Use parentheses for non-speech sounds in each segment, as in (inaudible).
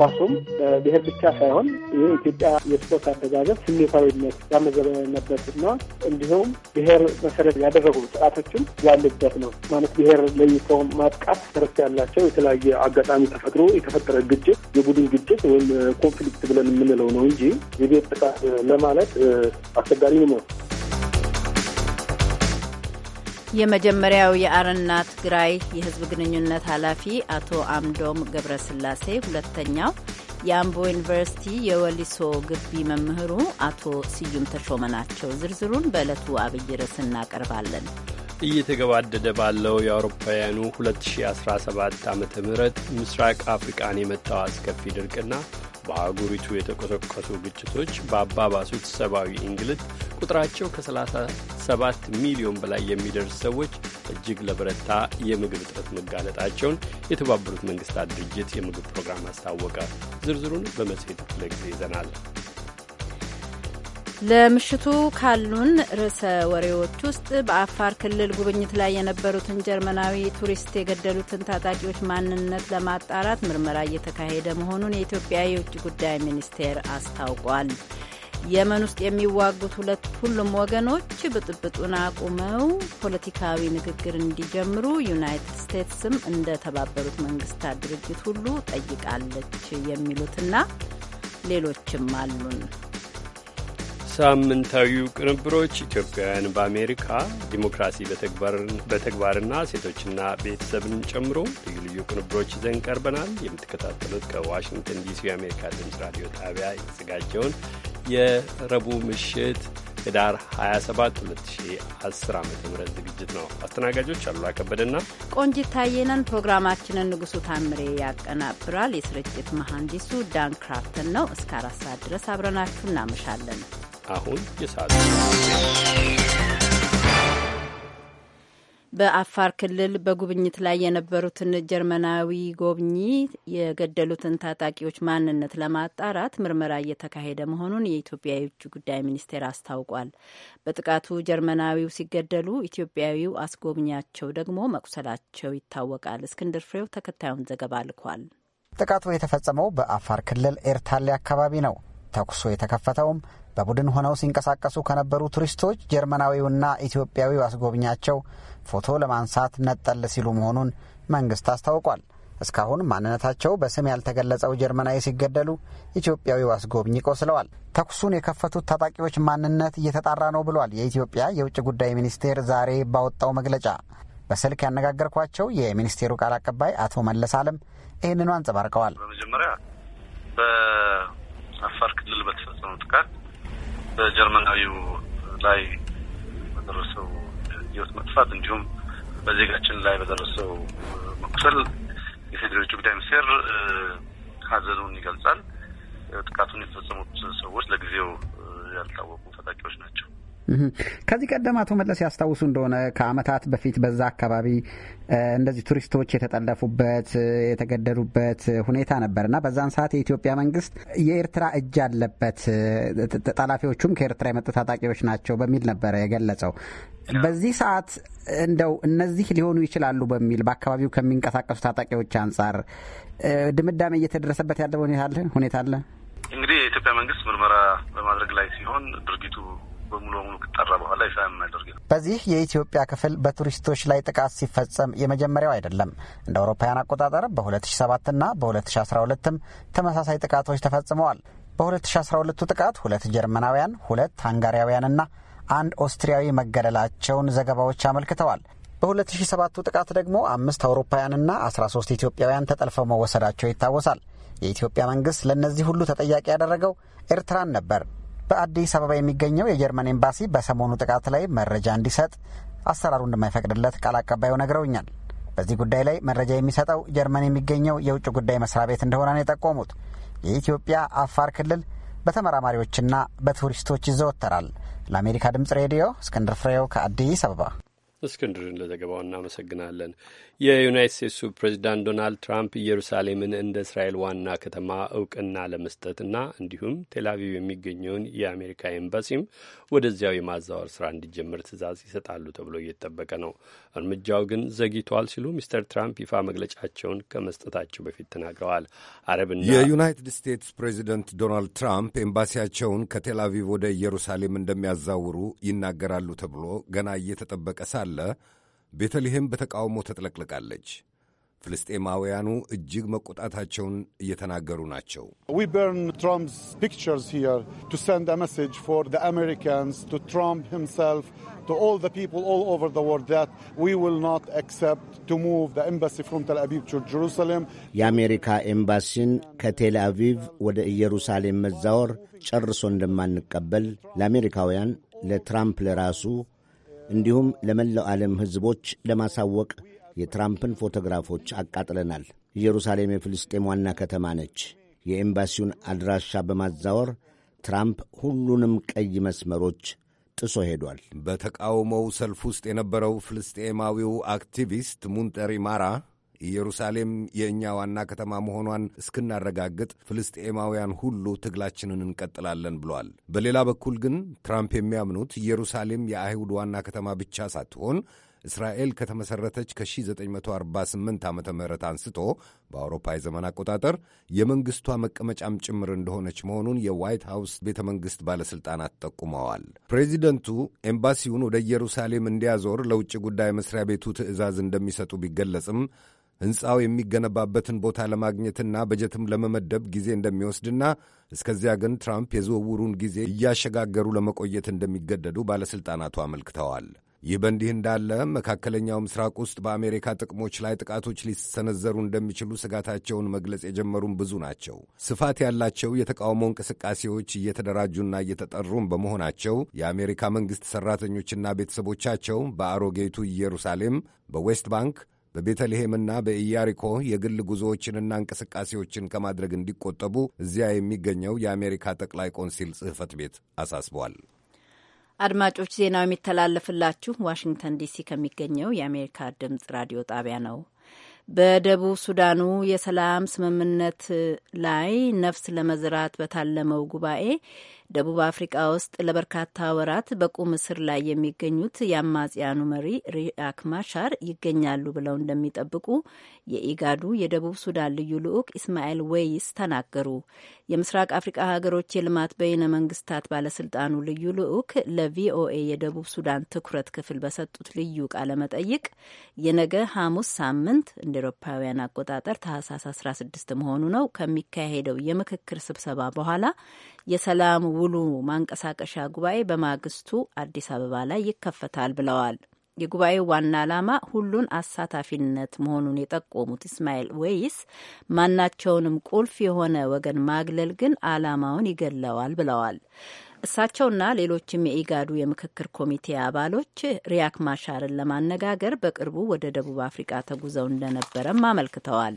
ኳሱም በብሔር ብቻ ሳይሆን የኢትዮጵያ የስፖርት አደጋገብ ስሜታዊነት ያመዘበነበት ነው። እንዲሁም ብሔር መሰረት ያደረጉ ጥቃቶችም ያሉበት ነው። ማለት ብሔር ለይቶ ማጥቃት መሰረት ያላቸው የተለያየ አጋጣሚ ተፈጥሮ የተፈጠረ ግጭት፣ የቡድን ግጭት ወይም ኮንፍሊክት ብለን የምንለው ነው እንጂ የብሔር ጥቃት ለማለት አስቸጋሪ ነው። የመጀመሪያው የአረና ትግራይ የህዝብ ግንኙነት ኃላፊ አቶ አምዶም ገብረስላሴ፣ ሁለተኛው የአምቦ ዩኒቨርሲቲ የወሊሶ ግቢ መምህሩ አቶ ስዩም ተሾመ ናቸው። ዝርዝሩን በዕለቱ አብይ ርዕስ እናቀርባለን። እየተገባደደ ባለው የአውሮፓውያኑ 2017 ዓ ም ምስራቅ አፍሪቃን የመታው አስከፊ ድርቅና በአህጉሪቱ የተቆሰቆሱ ግጭቶች በአባባሱት ሰብአዊ እንግልት ቁጥራቸው ከ37 ሚሊዮን በላይ የሚደርስ ሰዎች እጅግ ለበረታ የምግብ እጥረት መጋለጣቸውን የተባበሩት መንግስታት ድርጅት የምግብ ፕሮግራም አስታወቀ። ዝርዝሩን በመጽሔት ክፍለ ጊዜ ይዘናል። ለምሽቱ ካሉን ርዕሰ ወሬዎች ውስጥ በአፋር ክልል ጉብኝት ላይ የነበሩትን ጀርመናዊ ቱሪስት የገደሉትን ታጣቂዎች ማንነት ለማጣራት ምርመራ እየተካሄደ መሆኑን የኢትዮጵያ የውጭ ጉዳይ ሚኒስቴር አስታውቋል። የመን ውስጥ የሚዋጉት ሁለት ሁሉም ወገኖች ብጥብጡን አቁመው ፖለቲካዊ ንግግር እንዲጀምሩ ዩናይትድ ስቴትስም እንደ ተባበሩት መንግስታት ድርጅት ሁሉ ጠይቃለች የሚሉትና ሌሎችም አሉን። ሳምንታዊ ቅንብሮች ኢትዮጵያውያን በአሜሪካ ዲሞክራሲ በተግባርና ሴቶችና ቤተሰብን ጨምሮ ልዩ ልዩ ቅንብሮች ይዘን ቀርበናል። የምትከታተሉት ከዋሽንግተን ዲሲ የአሜሪካ ድምፅ ራዲዮ ጣቢያ የተዘጋጀውን የረቡዕ ምሽት ህዳር 27 2010 ዓ ም ዝግጅት ነው። አስተናጋጆች አሉላ ከበደና ቆንጂት ታየ ፕሮግራማችንን ንጉሱ ታምሬ ያቀናብራል። የስርጭት መሐንዲሱ ዳን ክራፍትን ነው። እስከ አራት ሰዓት ድረስ አብረናችሁ እናመሻለን። አሁን የሰዓት በአፋር ክልል በጉብኝት ላይ የነበሩትን ጀርመናዊ ጎብኚ የገደሉትን ታጣቂዎች ማንነት ለማጣራት ምርመራ እየተካሄደ መሆኑን የኢትዮጵያ የውጭ ጉዳይ ሚኒስቴር አስታውቋል። በጥቃቱ ጀርመናዊው ሲገደሉ ኢትዮጵያዊው አስጎብኛቸው ደግሞ መቁሰላቸው ይታወቃል። እስክንድር ፍሬው ተከታዩን ዘገባ ልኳል። ጥቃቱ የተፈጸመው በአፋር ክልል ኤርታሌ አካባቢ ነው። ተኩሶ የተከፈተውም በቡድን ሆነው ሲንቀሳቀሱ ከነበሩ ቱሪስቶች ጀርመናዊውና ኢትዮጵያዊው አስጎብኛቸው ፎቶ ለማንሳት ነጠል ሲሉ መሆኑን መንግስት አስታውቋል። እስካሁን ማንነታቸው በስም ያልተገለጸው ጀርመናዊ ሲገደሉ፣ ኢትዮጵያዊው አስጎብኝ ቆስለዋል። ተኩሱን የከፈቱት ታጣቂዎች ማንነት እየተጣራ ነው ብሏል የኢትዮጵያ የውጭ ጉዳይ ሚኒስቴር ዛሬ ባወጣው መግለጫ። በስልክ ያነጋገርኳቸው የሚኒስቴሩ ቃል አቀባይ አቶ መለስ አለም ይህንኑ አንጸባርቀዋል። በመጀመሪያ በአፋር ክልል በተፈጸመው ጥቃት በጀርመናዊው ላይ በደረሰው ህይወት መጥፋት እንዲሁም በዜጋችን ላይ በደረሰው መቁሰል የፌዴራል ውጭ ጉዳይ ሚኒስቴር ሀዘኑን ይገልጻል። ጥቃቱን የተፈጸሙት ሰዎች ለጊዜው ያልታወቁ ታጣቂዎች ናቸው። ከዚህ ቀደም አቶ መለስ ያስታውሱ እንደሆነ ከዓመታት በፊት በዛ አካባቢ እንደዚህ ቱሪስቶች የተጠለፉበት የተገደሉበት ሁኔታ ነበር እና በዛን ሰዓት የኢትዮጵያ መንግስት የኤርትራ እጅ አለበት፣ ጠላፊዎቹም ከኤርትራ የመጡ ታጣቂዎች ናቸው በሚል ነበረ የገለጸው። በዚህ ሰዓት እንደው እነዚህ ሊሆኑ ይችላሉ በሚል በአካባቢው ከሚንቀሳቀሱ ታጣቂዎች አንጻር ድምዳሜ እየተደረሰበት ያለ ሁኔታ አለ። እንግዲህ የኢትዮጵያ መንግስት ምርመራ በማድረግ ላይ ሲሆን ድርጊቱ በሙሉ በሙሉ ከጠራ በኋላ ይፋ የማያደርግ ነው። በዚህ የኢትዮጵያ ክፍል በቱሪስቶች ላይ ጥቃት ሲፈጸም የመጀመሪያው አይደለም። እንደ አውሮፓውያን አቆጣጠር በ2007 እና በ2012ም ተመሳሳይ ጥቃቶች ተፈጽመዋል። በ2012ቱ ጥቃት ሁለት ጀርመናውያን፣ ሁለት ሃንጋሪያውያንና አንድ ኦስትሪያዊ መገደላቸውን ዘገባዎች አመልክተዋል። በ2007ቱ ጥቃት ደግሞ አምስት አውሮፓውያንና 13 ኢትዮጵያውያን ተጠልፈው መወሰዳቸው ይታወሳል። የኢትዮጵያ መንግስት ለእነዚህ ሁሉ ተጠያቂ ያደረገው ኤርትራን ነበር። በአዲስ አበባ የሚገኘው የጀርመን ኤምባሲ በሰሞኑ ጥቃት ላይ መረጃ እንዲሰጥ አሰራሩ እንደማይፈቅድለት ቃል አቀባዩ ነግረውኛል። በዚህ ጉዳይ ላይ መረጃ የሚሰጠው ጀርመን የሚገኘው የውጭ ጉዳይ መስሪያ ቤት እንደሆነ ነው የጠቆሙት። የኢትዮጵያ አፋር ክልል በተመራማሪዎችና በቱሪስቶች ይዘወተራል። ለአሜሪካ ድምጽ ሬዲዮ እስክንድር ፍሬው ከአዲስ አበባ። እስክንድርን ለዘገባው እናመሰግናለን። የዩናይት ስቴትሱ ፕሬዚዳንት ዶናልድ ትራምፕ ኢየሩሳሌምን እንደ እስራኤል ዋና ከተማ እውቅና ለመስጠትና እንዲሁም ቴላቪቭ የሚገኘውን የአሜሪካ ኤምባሲም ወደዚያው የማዛወር ስራ እንዲጀምር ትዕዛዝ ይሰጣሉ ተብሎ እየተጠበቀ ነው። እርምጃው ግን ዘግይቷል ሲሉ ሚስተር ትራምፕ ይፋ መግለጫቸውን ከመስጠታቸው በፊት ተናግረዋል። አረብና የዩናይትድ ስቴትስ ፕሬዚደንት ዶናልድ ትራምፕ ኤምባሲያቸውን ከቴላቪቭ ወደ ኢየሩሳሌም እንደሚያዛውሩ ይናገራሉ ተብሎ ገና እየተጠበቀ ሳለ ቤተልሔም በተቃውሞ ተጥለቅልቃለች። ፍልስጤማውያኑ እጅግ መቆጣታቸውን እየተናገሩ ናቸው። የአሜሪካ ኤምባሲን ከቴል አቪቭ ወደ ኢየሩሳሌም መዛወር ጨርሶ እንደማንቀበል ለአሜሪካውያን፣ ለትራምፕ ለራሱ እንዲሁም ለመላው ዓለም ሕዝቦች ለማሳወቅ የትራምፕን ፎቶግራፎች አቃጥለናል። ኢየሩሳሌም የፍልስጤም ዋና ከተማ ነች። የኤምባሲውን አድራሻ በማዛወር ትራምፕ ሁሉንም ቀይ መስመሮች ጥሶ ሄዷል። በተቃውሞው ሰልፍ ውስጥ የነበረው ፍልስጤማዊው አክቲቪስት ሙንጠሪ ማራ ኢየሩሳሌም የእኛ ዋና ከተማ መሆኗን እስክናረጋግጥ ፍልስጤማውያን ሁሉ ትግላችንን እንቀጥላለን ብሏል። በሌላ በኩል ግን ትራምፕ የሚያምኑት ኢየሩሳሌም የአይሁድ ዋና ከተማ ብቻ ሳትሆን እስራኤል ከተመሠረተች ከ1948 ዓ ም አንስቶ በአውሮፓ የዘመን አቆጣጠር የመንግሥቷ መቀመጫም ጭምር እንደሆነች መሆኑን የዋይት ሃውስ ቤተ መንግሥት ባለሥልጣናት ጠቁመዋል። ፕሬዚደንቱ ኤምባሲውን ወደ ኢየሩሳሌም እንዲያዞር ለውጭ ጉዳይ መሥሪያ ቤቱ ትዕዛዝ እንደሚሰጡ ቢገለጽም ሕንፃው የሚገነባበትን ቦታ ለማግኘትና በጀትም ለመመደብ ጊዜ እንደሚወስድና እስከዚያ ግን ትራምፕ የዝውውሩን ጊዜ እያሸጋገሩ ለመቆየት እንደሚገደዱ ባለሥልጣናቱ አመልክተዋል። ይህ በእንዲህ እንዳለ መካከለኛው ምስራቅ ውስጥ በአሜሪካ ጥቅሞች ላይ ጥቃቶች ሊሰነዘሩ እንደሚችሉ ስጋታቸውን መግለጽ የጀመሩም ብዙ ናቸው። ስፋት ያላቸው የተቃውሞ እንቅስቃሴዎች እየተደራጁና እየተጠሩም በመሆናቸው የአሜሪካ መንግሥት ሠራተኞችና ቤተሰቦቻቸው በአሮጌቱ ኢየሩሳሌም፣ በዌስት ባንክ በቤተልሔምና በኢያሪኮ የግል ጉዞዎችንና እንቅስቃሴዎችን ከማድረግ እንዲቆጠቡ እዚያ የሚገኘው የአሜሪካ ጠቅላይ ቆንሲል ጽህፈት ቤት አሳስቧል። አድማጮች ዜናው የሚተላለፍላችሁ ዋሽንግተን ዲሲ ከሚገኘው የአሜሪካ ድምጽ ራዲዮ ጣቢያ ነው። በደቡብ ሱዳኑ የሰላም ስምምነት ላይ ነፍስ ለመዝራት በታለመው ጉባኤ ደቡብ አፍሪቃ ውስጥ ለበርካታ ወራት በቁም እስር ላይ የሚገኙት የአማጽያኑ መሪ ሪያክ ማሻር ይገኛሉ ብለው እንደሚጠብቁ የኢጋዱ የደቡብ ሱዳን ልዩ ልዑክ ኢስማኤል ወይስ ተናገሩ። የምስራቅ አፍሪቃ ሀገሮች የልማት በይነ መንግስታት ባለስልጣኑ ልዩ ልዑክ ለቪኦኤ የደቡብ ሱዳን ትኩረት ክፍል በሰጡት ልዩ ቃለ መጠይቅ የነገ ሐሙስ ሳምንት እንደ ኤሮፓውያን አቆጣጠር ታህሳስ 16 መሆኑ ነው ከሚካሄደው የምክክር ስብሰባ በኋላ የሰላም ውሉ ማንቀሳቀሻ ጉባኤ በማግስቱ አዲስ አበባ ላይ ይከፈታል ብለዋል። የጉባኤው ዋና ዓላማ ሁሉን አሳታፊነት መሆኑን የጠቆሙት እስማኤል ወይስ ማናቸውንም ቁልፍ የሆነ ወገን ማግለል ግን ዓላማውን ይገለዋል ብለዋል። እሳቸውና ሌሎችም የኢጋዱ የምክክር ኮሚቴ አባሎች ሪያክ ማሻርን ለማነጋገር በቅርቡ ወደ ደቡብ አፍሪቃ ተጉዘው እንደነበረም አመልክተዋል።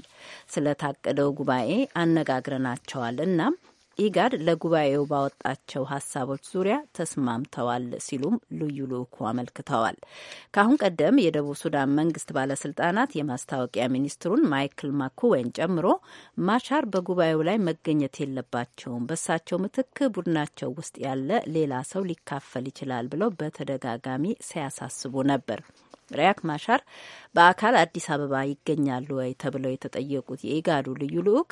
ስለታቀደው ጉባኤ አነጋግረናቸዋል። እናም ኢጋድ ለጉባኤው ባወጣቸው ሀሳቦች ዙሪያ ተስማምተዋል ሲሉም ልዩ ልኡኩ አመልክተዋል። ከአሁን ቀደም የደቡብ ሱዳን መንግስት ባለስልጣናት የማስታወቂያ ሚኒስትሩን ማይክል ማኩዌን ጨምሮ ማሻር በጉባኤው ላይ መገኘት የለባቸውም፣ በሳቸው ምትክ ቡድናቸው ውስጥ ያለ ሌላ ሰው ሊካፈል ይችላል ብለው በተደጋጋሚ ሲያሳስቡ ነበር። ሪያክ ማሻር በአካል አዲስ አበባ ይገኛሉ ወይ ተብለው የተጠየቁት የኢጋዱ ልዩ ልኡክ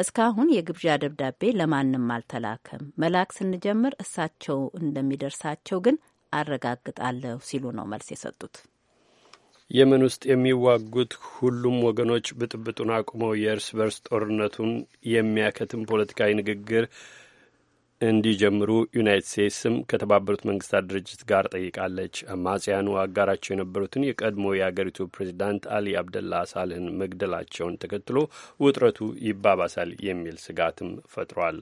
እስካሁን የግብዣ ደብዳቤ ለማንም አልተላከም። መላክ ስንጀምር እሳቸው እንደሚደርሳቸው ግን አረጋግጣለሁ ሲሉ ነው መልስ የሰጡት። የመን ውስጥ የሚዋጉት ሁሉም ወገኖች ብጥብጡን አቁመው የእርስ በርስ ጦርነቱን የሚያከትም ፖለቲካዊ ንግግር እንዲጀምሩ ዩናይት ስቴትስም ከተባበሩት መንግስታት ድርጅት ጋር ጠይቃለች። አማጽያኑ አጋራቸው የነበሩትን የቀድሞ የአገሪቱ ፕሬዚዳንት አሊ አብደላ ሳልህን መግደላቸውን ተከትሎ ውጥረቱ ይባባሳል የሚል ስጋትም ፈጥሯል።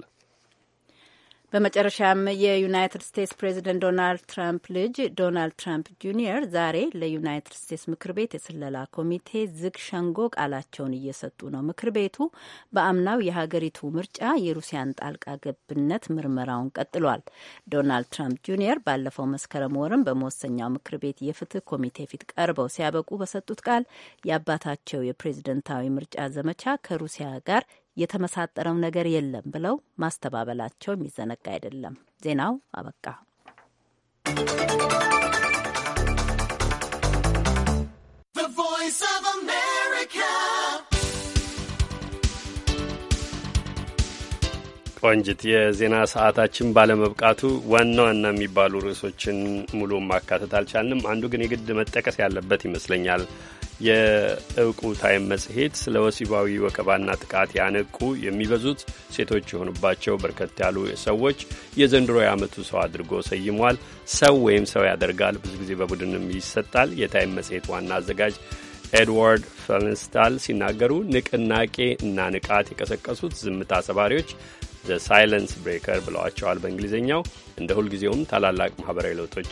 በመጨረሻም የዩናይትድ ስቴትስ ፕሬዚደንት ዶናልድ ትራምፕ ልጅ ዶናልድ ትራምፕ ጁኒየር ዛሬ ለዩናይትድ ስቴትስ ምክር ቤት የስለላ ኮሚቴ ዝግ ሸንጎ ቃላቸውን እየሰጡ ነው። ምክር ቤቱ በአምናው የሀገሪቱ ምርጫ የሩሲያን ጣልቃ ገብነት ምርመራውን ቀጥሏል። ዶናልድ ትራምፕ ጁኒየር ባለፈው መስከረም ወርም በመወሰኛው ምክር ቤት የፍትህ ኮሚቴ ፊት ቀርበው ሲያበቁ በሰጡት ቃል የአባታቸው የፕሬዝደንታዊ ምርጫ ዘመቻ ከሩሲያ ጋር የተመሳጠረው ነገር የለም ብለው ማስተባበላቸው የሚዘነጋ አይደለም። ዜናው አበቃ። ቆንጅት፣ የዜና ሰዓታችን ባለመብቃቱ ዋና ዋና የሚባሉ ርዕሶችን ሙሉ ማካተት አልቻልንም። አንዱ ግን የግድ መጠቀስ ያለበት ይመስለኛል። የእውቁ ታይም መጽሔት ስለ ወሲባዊ ወከባና ጥቃት ያነቁ የሚበዙት ሴቶች የሆኑባቸው በርከት ያሉ ሰዎች የዘንድሮ የዓመቱ ሰው አድርጎ ሰይሟል። ሰው ወይም ሰው ያደርጋል ብዙ ጊዜ በቡድንም ይሰጣል። የታይም መጽሔት ዋና አዘጋጅ ኤድዋርድ ፈንስታል ሲናገሩ ንቅናቄ እና ንቃት የቀሰቀሱት ዝምታ ሰባሪዎች ዘ ሳይለንስ ብሬከር ብለዋቸዋል በእንግሊዝኛው። እንደ ሁልጊዜውም ታላላቅ ማኅበራዊ ለውጦች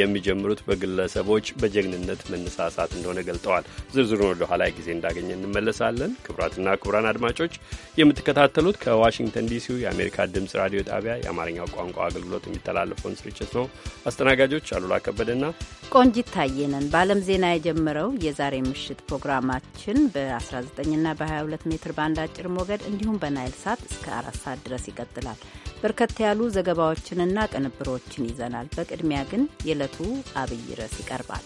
የሚጀምሩት በግለሰቦች በጀግንነት መነሳሳት እንደሆነ ገልጠዋል። ዝርዝሩን ወደ ኋላ ጊዜ እንዳገኘ እንመለሳለን። ክቡራትና ክቡራን አድማጮች የምትከታተሉት ከዋሽንግተን ዲሲው የአሜሪካ ድምፅ ራዲዮ ጣቢያ የአማርኛው ቋንቋ አገልግሎት የሚተላለፈውን ስርጭት ነው። አስተናጋጆች አሉላ ከበደና ቆንጂት በአለም በዓለም ዜና የጀመረው የዛሬ ምሽት ፕሮግራማችን በ19ና በ22 ሜትር ባንድ አጭር ሞገድ እንዲሁም በናይል ሳት እስከ አራት ሰዓት ድረስ ይቀጥላል። በርከት ያሉ ዘገባዎችንና ቅንብሮችን ይዘናል። በቅድሚያ ግን የዕለቱ አብይ ርዕስ ይቀርባል።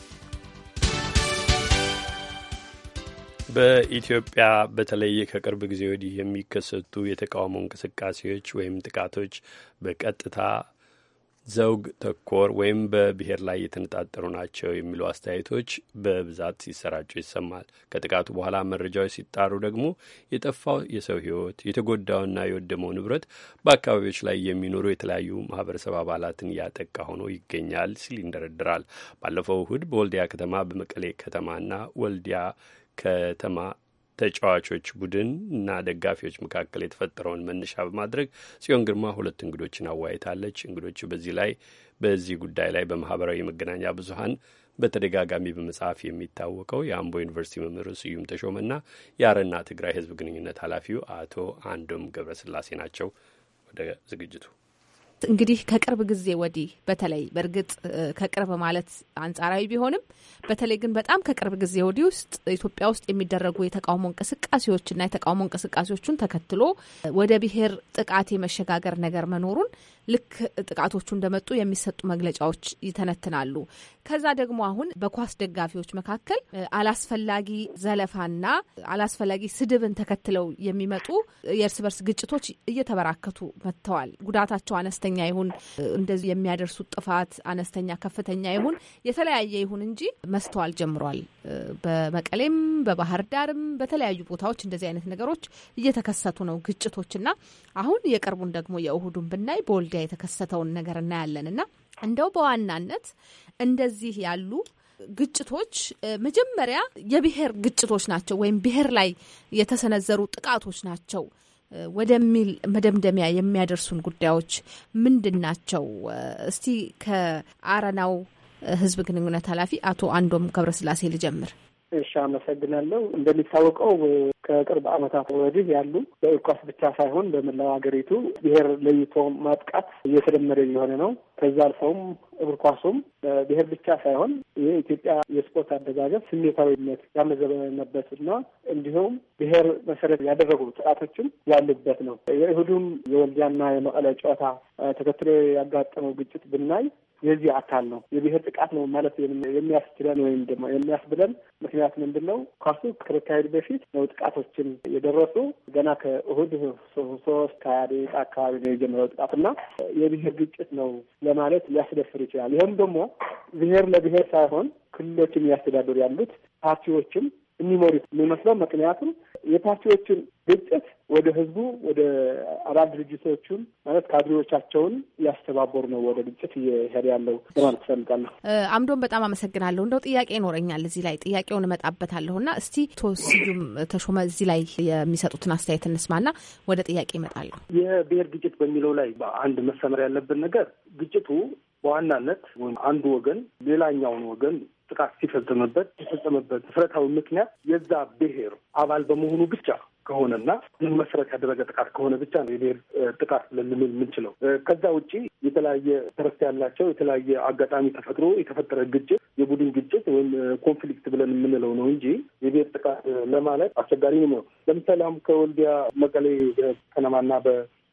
በኢትዮጵያ በተለይ ከቅርብ ጊዜ ወዲህ የሚከሰቱ የተቃውሞ እንቅስቃሴዎች ወይም ጥቃቶች በቀጥታ ዘውግ ተኮር ወይም በብሔር ላይ የተነጣጠሩ ናቸው የሚሉ አስተያየቶች በብዛት ሲሰራጩ ይሰማል። ከጥቃቱ በኋላ መረጃዎች ሲጣሩ ደግሞ የጠፋው የሰው ሕይወት የተጎዳውና የወደመው ንብረት በአካባቢዎች ላይ የሚኖሩ የተለያዩ ማህበረሰብ አባላትን ያጠቃ ሆኖ ይገኛል ሲል ይንደረድራል። ባለፈው እሁድ በወልዲያ ከተማ በመቀሌ ከተማና ወልዲያ ከተማ ተጫዋቾች ቡድን እና ደጋፊዎች መካከል የተፈጠረውን መነሻ በማድረግ ጽዮን ግርማ ሁለት እንግዶችን አወያይታለች። እንግዶቹ በዚህ ላይ በዚህ ጉዳይ ላይ በማህበራዊ መገናኛ ብዙሀን በተደጋጋሚ በመጽሐፍ የሚታወቀው የአምቦ ዩኒቨርሲቲ መምህር ስዩም ተሾመና የአረና ትግራይ ህዝብ ግንኙነት ኃላፊው አቶ አንዶም ገብረስላሴ ናቸው። ወደ ዝግጅቱ እንግዲህ ከቅርብ ጊዜ ወዲህ በተለይ በእርግጥ ከቅርብ ማለት አንጻራዊ ቢሆንም በተለይ ግን በጣም ከቅርብ ጊዜ ወዲህ ውስጥ ኢትዮጵያ ውስጥ የሚደረጉ የተቃውሞ እንቅስቃሴዎችና የተቃውሞ እንቅስቃሴዎቹን ተከትሎ ወደ ብሔር ጥቃት የመሸጋገር ነገር መኖሩን ልክ ጥቃቶቹ እንደመጡ የሚሰጡ መግለጫዎች ይተነትናሉ። ከዛ ደግሞ አሁን በኳስ ደጋፊዎች መካከል አላስፈላጊ ዘለፋና አላስፈላጊ ስድብን ተከትለው የሚመጡ የእርስ በርስ ግጭቶች እየተበራከቱ መጥተዋል። ጉዳታቸው አነስተኛ ይሁን እንደዚህ የሚያደርሱት ጥፋት አነስተኛ ከፍተኛ ይሁን የተለያየ ይሁን እንጂ መስተዋል ጀምሯል። በመቀሌም በባህር ዳርም በተለያዩ ቦታዎች እንደዚህ አይነት ነገሮች እየተከሰቱ ነው ግጭቶችና አሁን የቅርቡን ደግሞ የእሁዱን ብናይ በወልዲያ የተከሰተውን ነገር እናያለን እና እንደው በዋናነት እንደዚህ ያሉ ግጭቶች መጀመሪያ የብሔር ግጭቶች ናቸው ወይም ብሔር ላይ የተሰነዘሩ ጥቃቶች ናቸው ወደሚል መደምደሚያ የሚያደርሱን ጉዳዮች ምንድን ናቸው? እስቲ ከአረናው ህዝብ ግንኙነት ኃላፊ አቶ አንዶም ገብረስላሴ ልጀምር። እሺ፣ አመሰግናለሁ። እንደሚታወቀው ከቅርብ ዓመታት ወዲህ ያሉ ኳስ ብቻ ሳይሆን በመላው ሀገሪቱ ብሔር ለይቶ ማጥቃት እየተለመደ እየሆነ ነው። ከዛ አልፈውም እግር ኳሱም ብሔር ብቻ ሳይሆን የኢትዮጵያ የስፖርት አደጋገብ ስሜታዊነት ያመዘበነበት እና እንዲሁም ብሔር መሰረት ያደረጉ ጥቃቶችም ያሉበት ነው። የእሁዱም የወልዲያና የመቀለ ጨዋታ ተከትሎ ያጋጠመው ግጭት ብናይ የዚህ አካል ነው። የብሔር ጥቃት ነው ማለት የሚያስችለን ወይም ደግሞ የሚያስብለን ምክንያት ምንድን ነው? ኳሱ ከተካሄዱ በፊት ነው ጥቃቶችን የደረሱ ገና ከእሁድ ሶስት ከሀያ ደቂቃ አካባቢ ነው የጀመረው ጥቃት እና የብሔር ግጭት ነው ለማለት ሊያስደፍር ይችላል። ይህም ደግሞ ብሔር ለብሔር ሳይሆን ክልሎችን እያስተዳደሩ ያሉት ፓርቲዎችም የሚኖር የሚመስለው። ምክንያቱም የፓርቲዎችን ግጭት ወደ ህዝቡ ወደ አባል ድርጅቶቹን ማለት ካድሬዎቻቸውን እያስተባበሩ ነው ወደ ግጭት እየሄደ ያለው ለማለት ትፈልጋለሁ። አምዶን በጣም አመሰግናለሁ። እንደው ጥያቄ ይኖረኛል እዚህ ላይ ጥያቄውን እመጣበታለሁ እና እስቲ ቶስዩም ተሾመ እዚህ ላይ የሚሰጡትን አስተያየት እንስማና ወደ ጥያቄ ይመጣለሁ። የብሔር ግጭት በሚለው ላይ አንድ መሰመር ያለብን ነገር ግጭቱ በዋናነት ወይም አንዱ ወገን ሌላኛውን ወገን ጥቃት ሲፈጸምበት የፈጸመበት መሰረታዊ ምክንያት የዛ ብሔር አባል በመሆኑ ብቻ ከሆነና ምን መሰረት ያደረገ ጥቃት ከሆነ ብቻ ነው የብሔር ጥቃት ብለን ልንል የምንችለው። ከዛ ውጪ የተለያየ ተረስ ያላቸው የተለያየ አጋጣሚ ተፈጥሮ የተፈጠረ ግጭት፣ የቡድን ግጭት ወይም ኮንፍሊክት ብለን የምንለው ነው እንጂ የብሔር ጥቃት ለማለት አስቸጋሪ ነው። ለምሳሌ አሁን ከወልዲያ መቀሌ ከነማና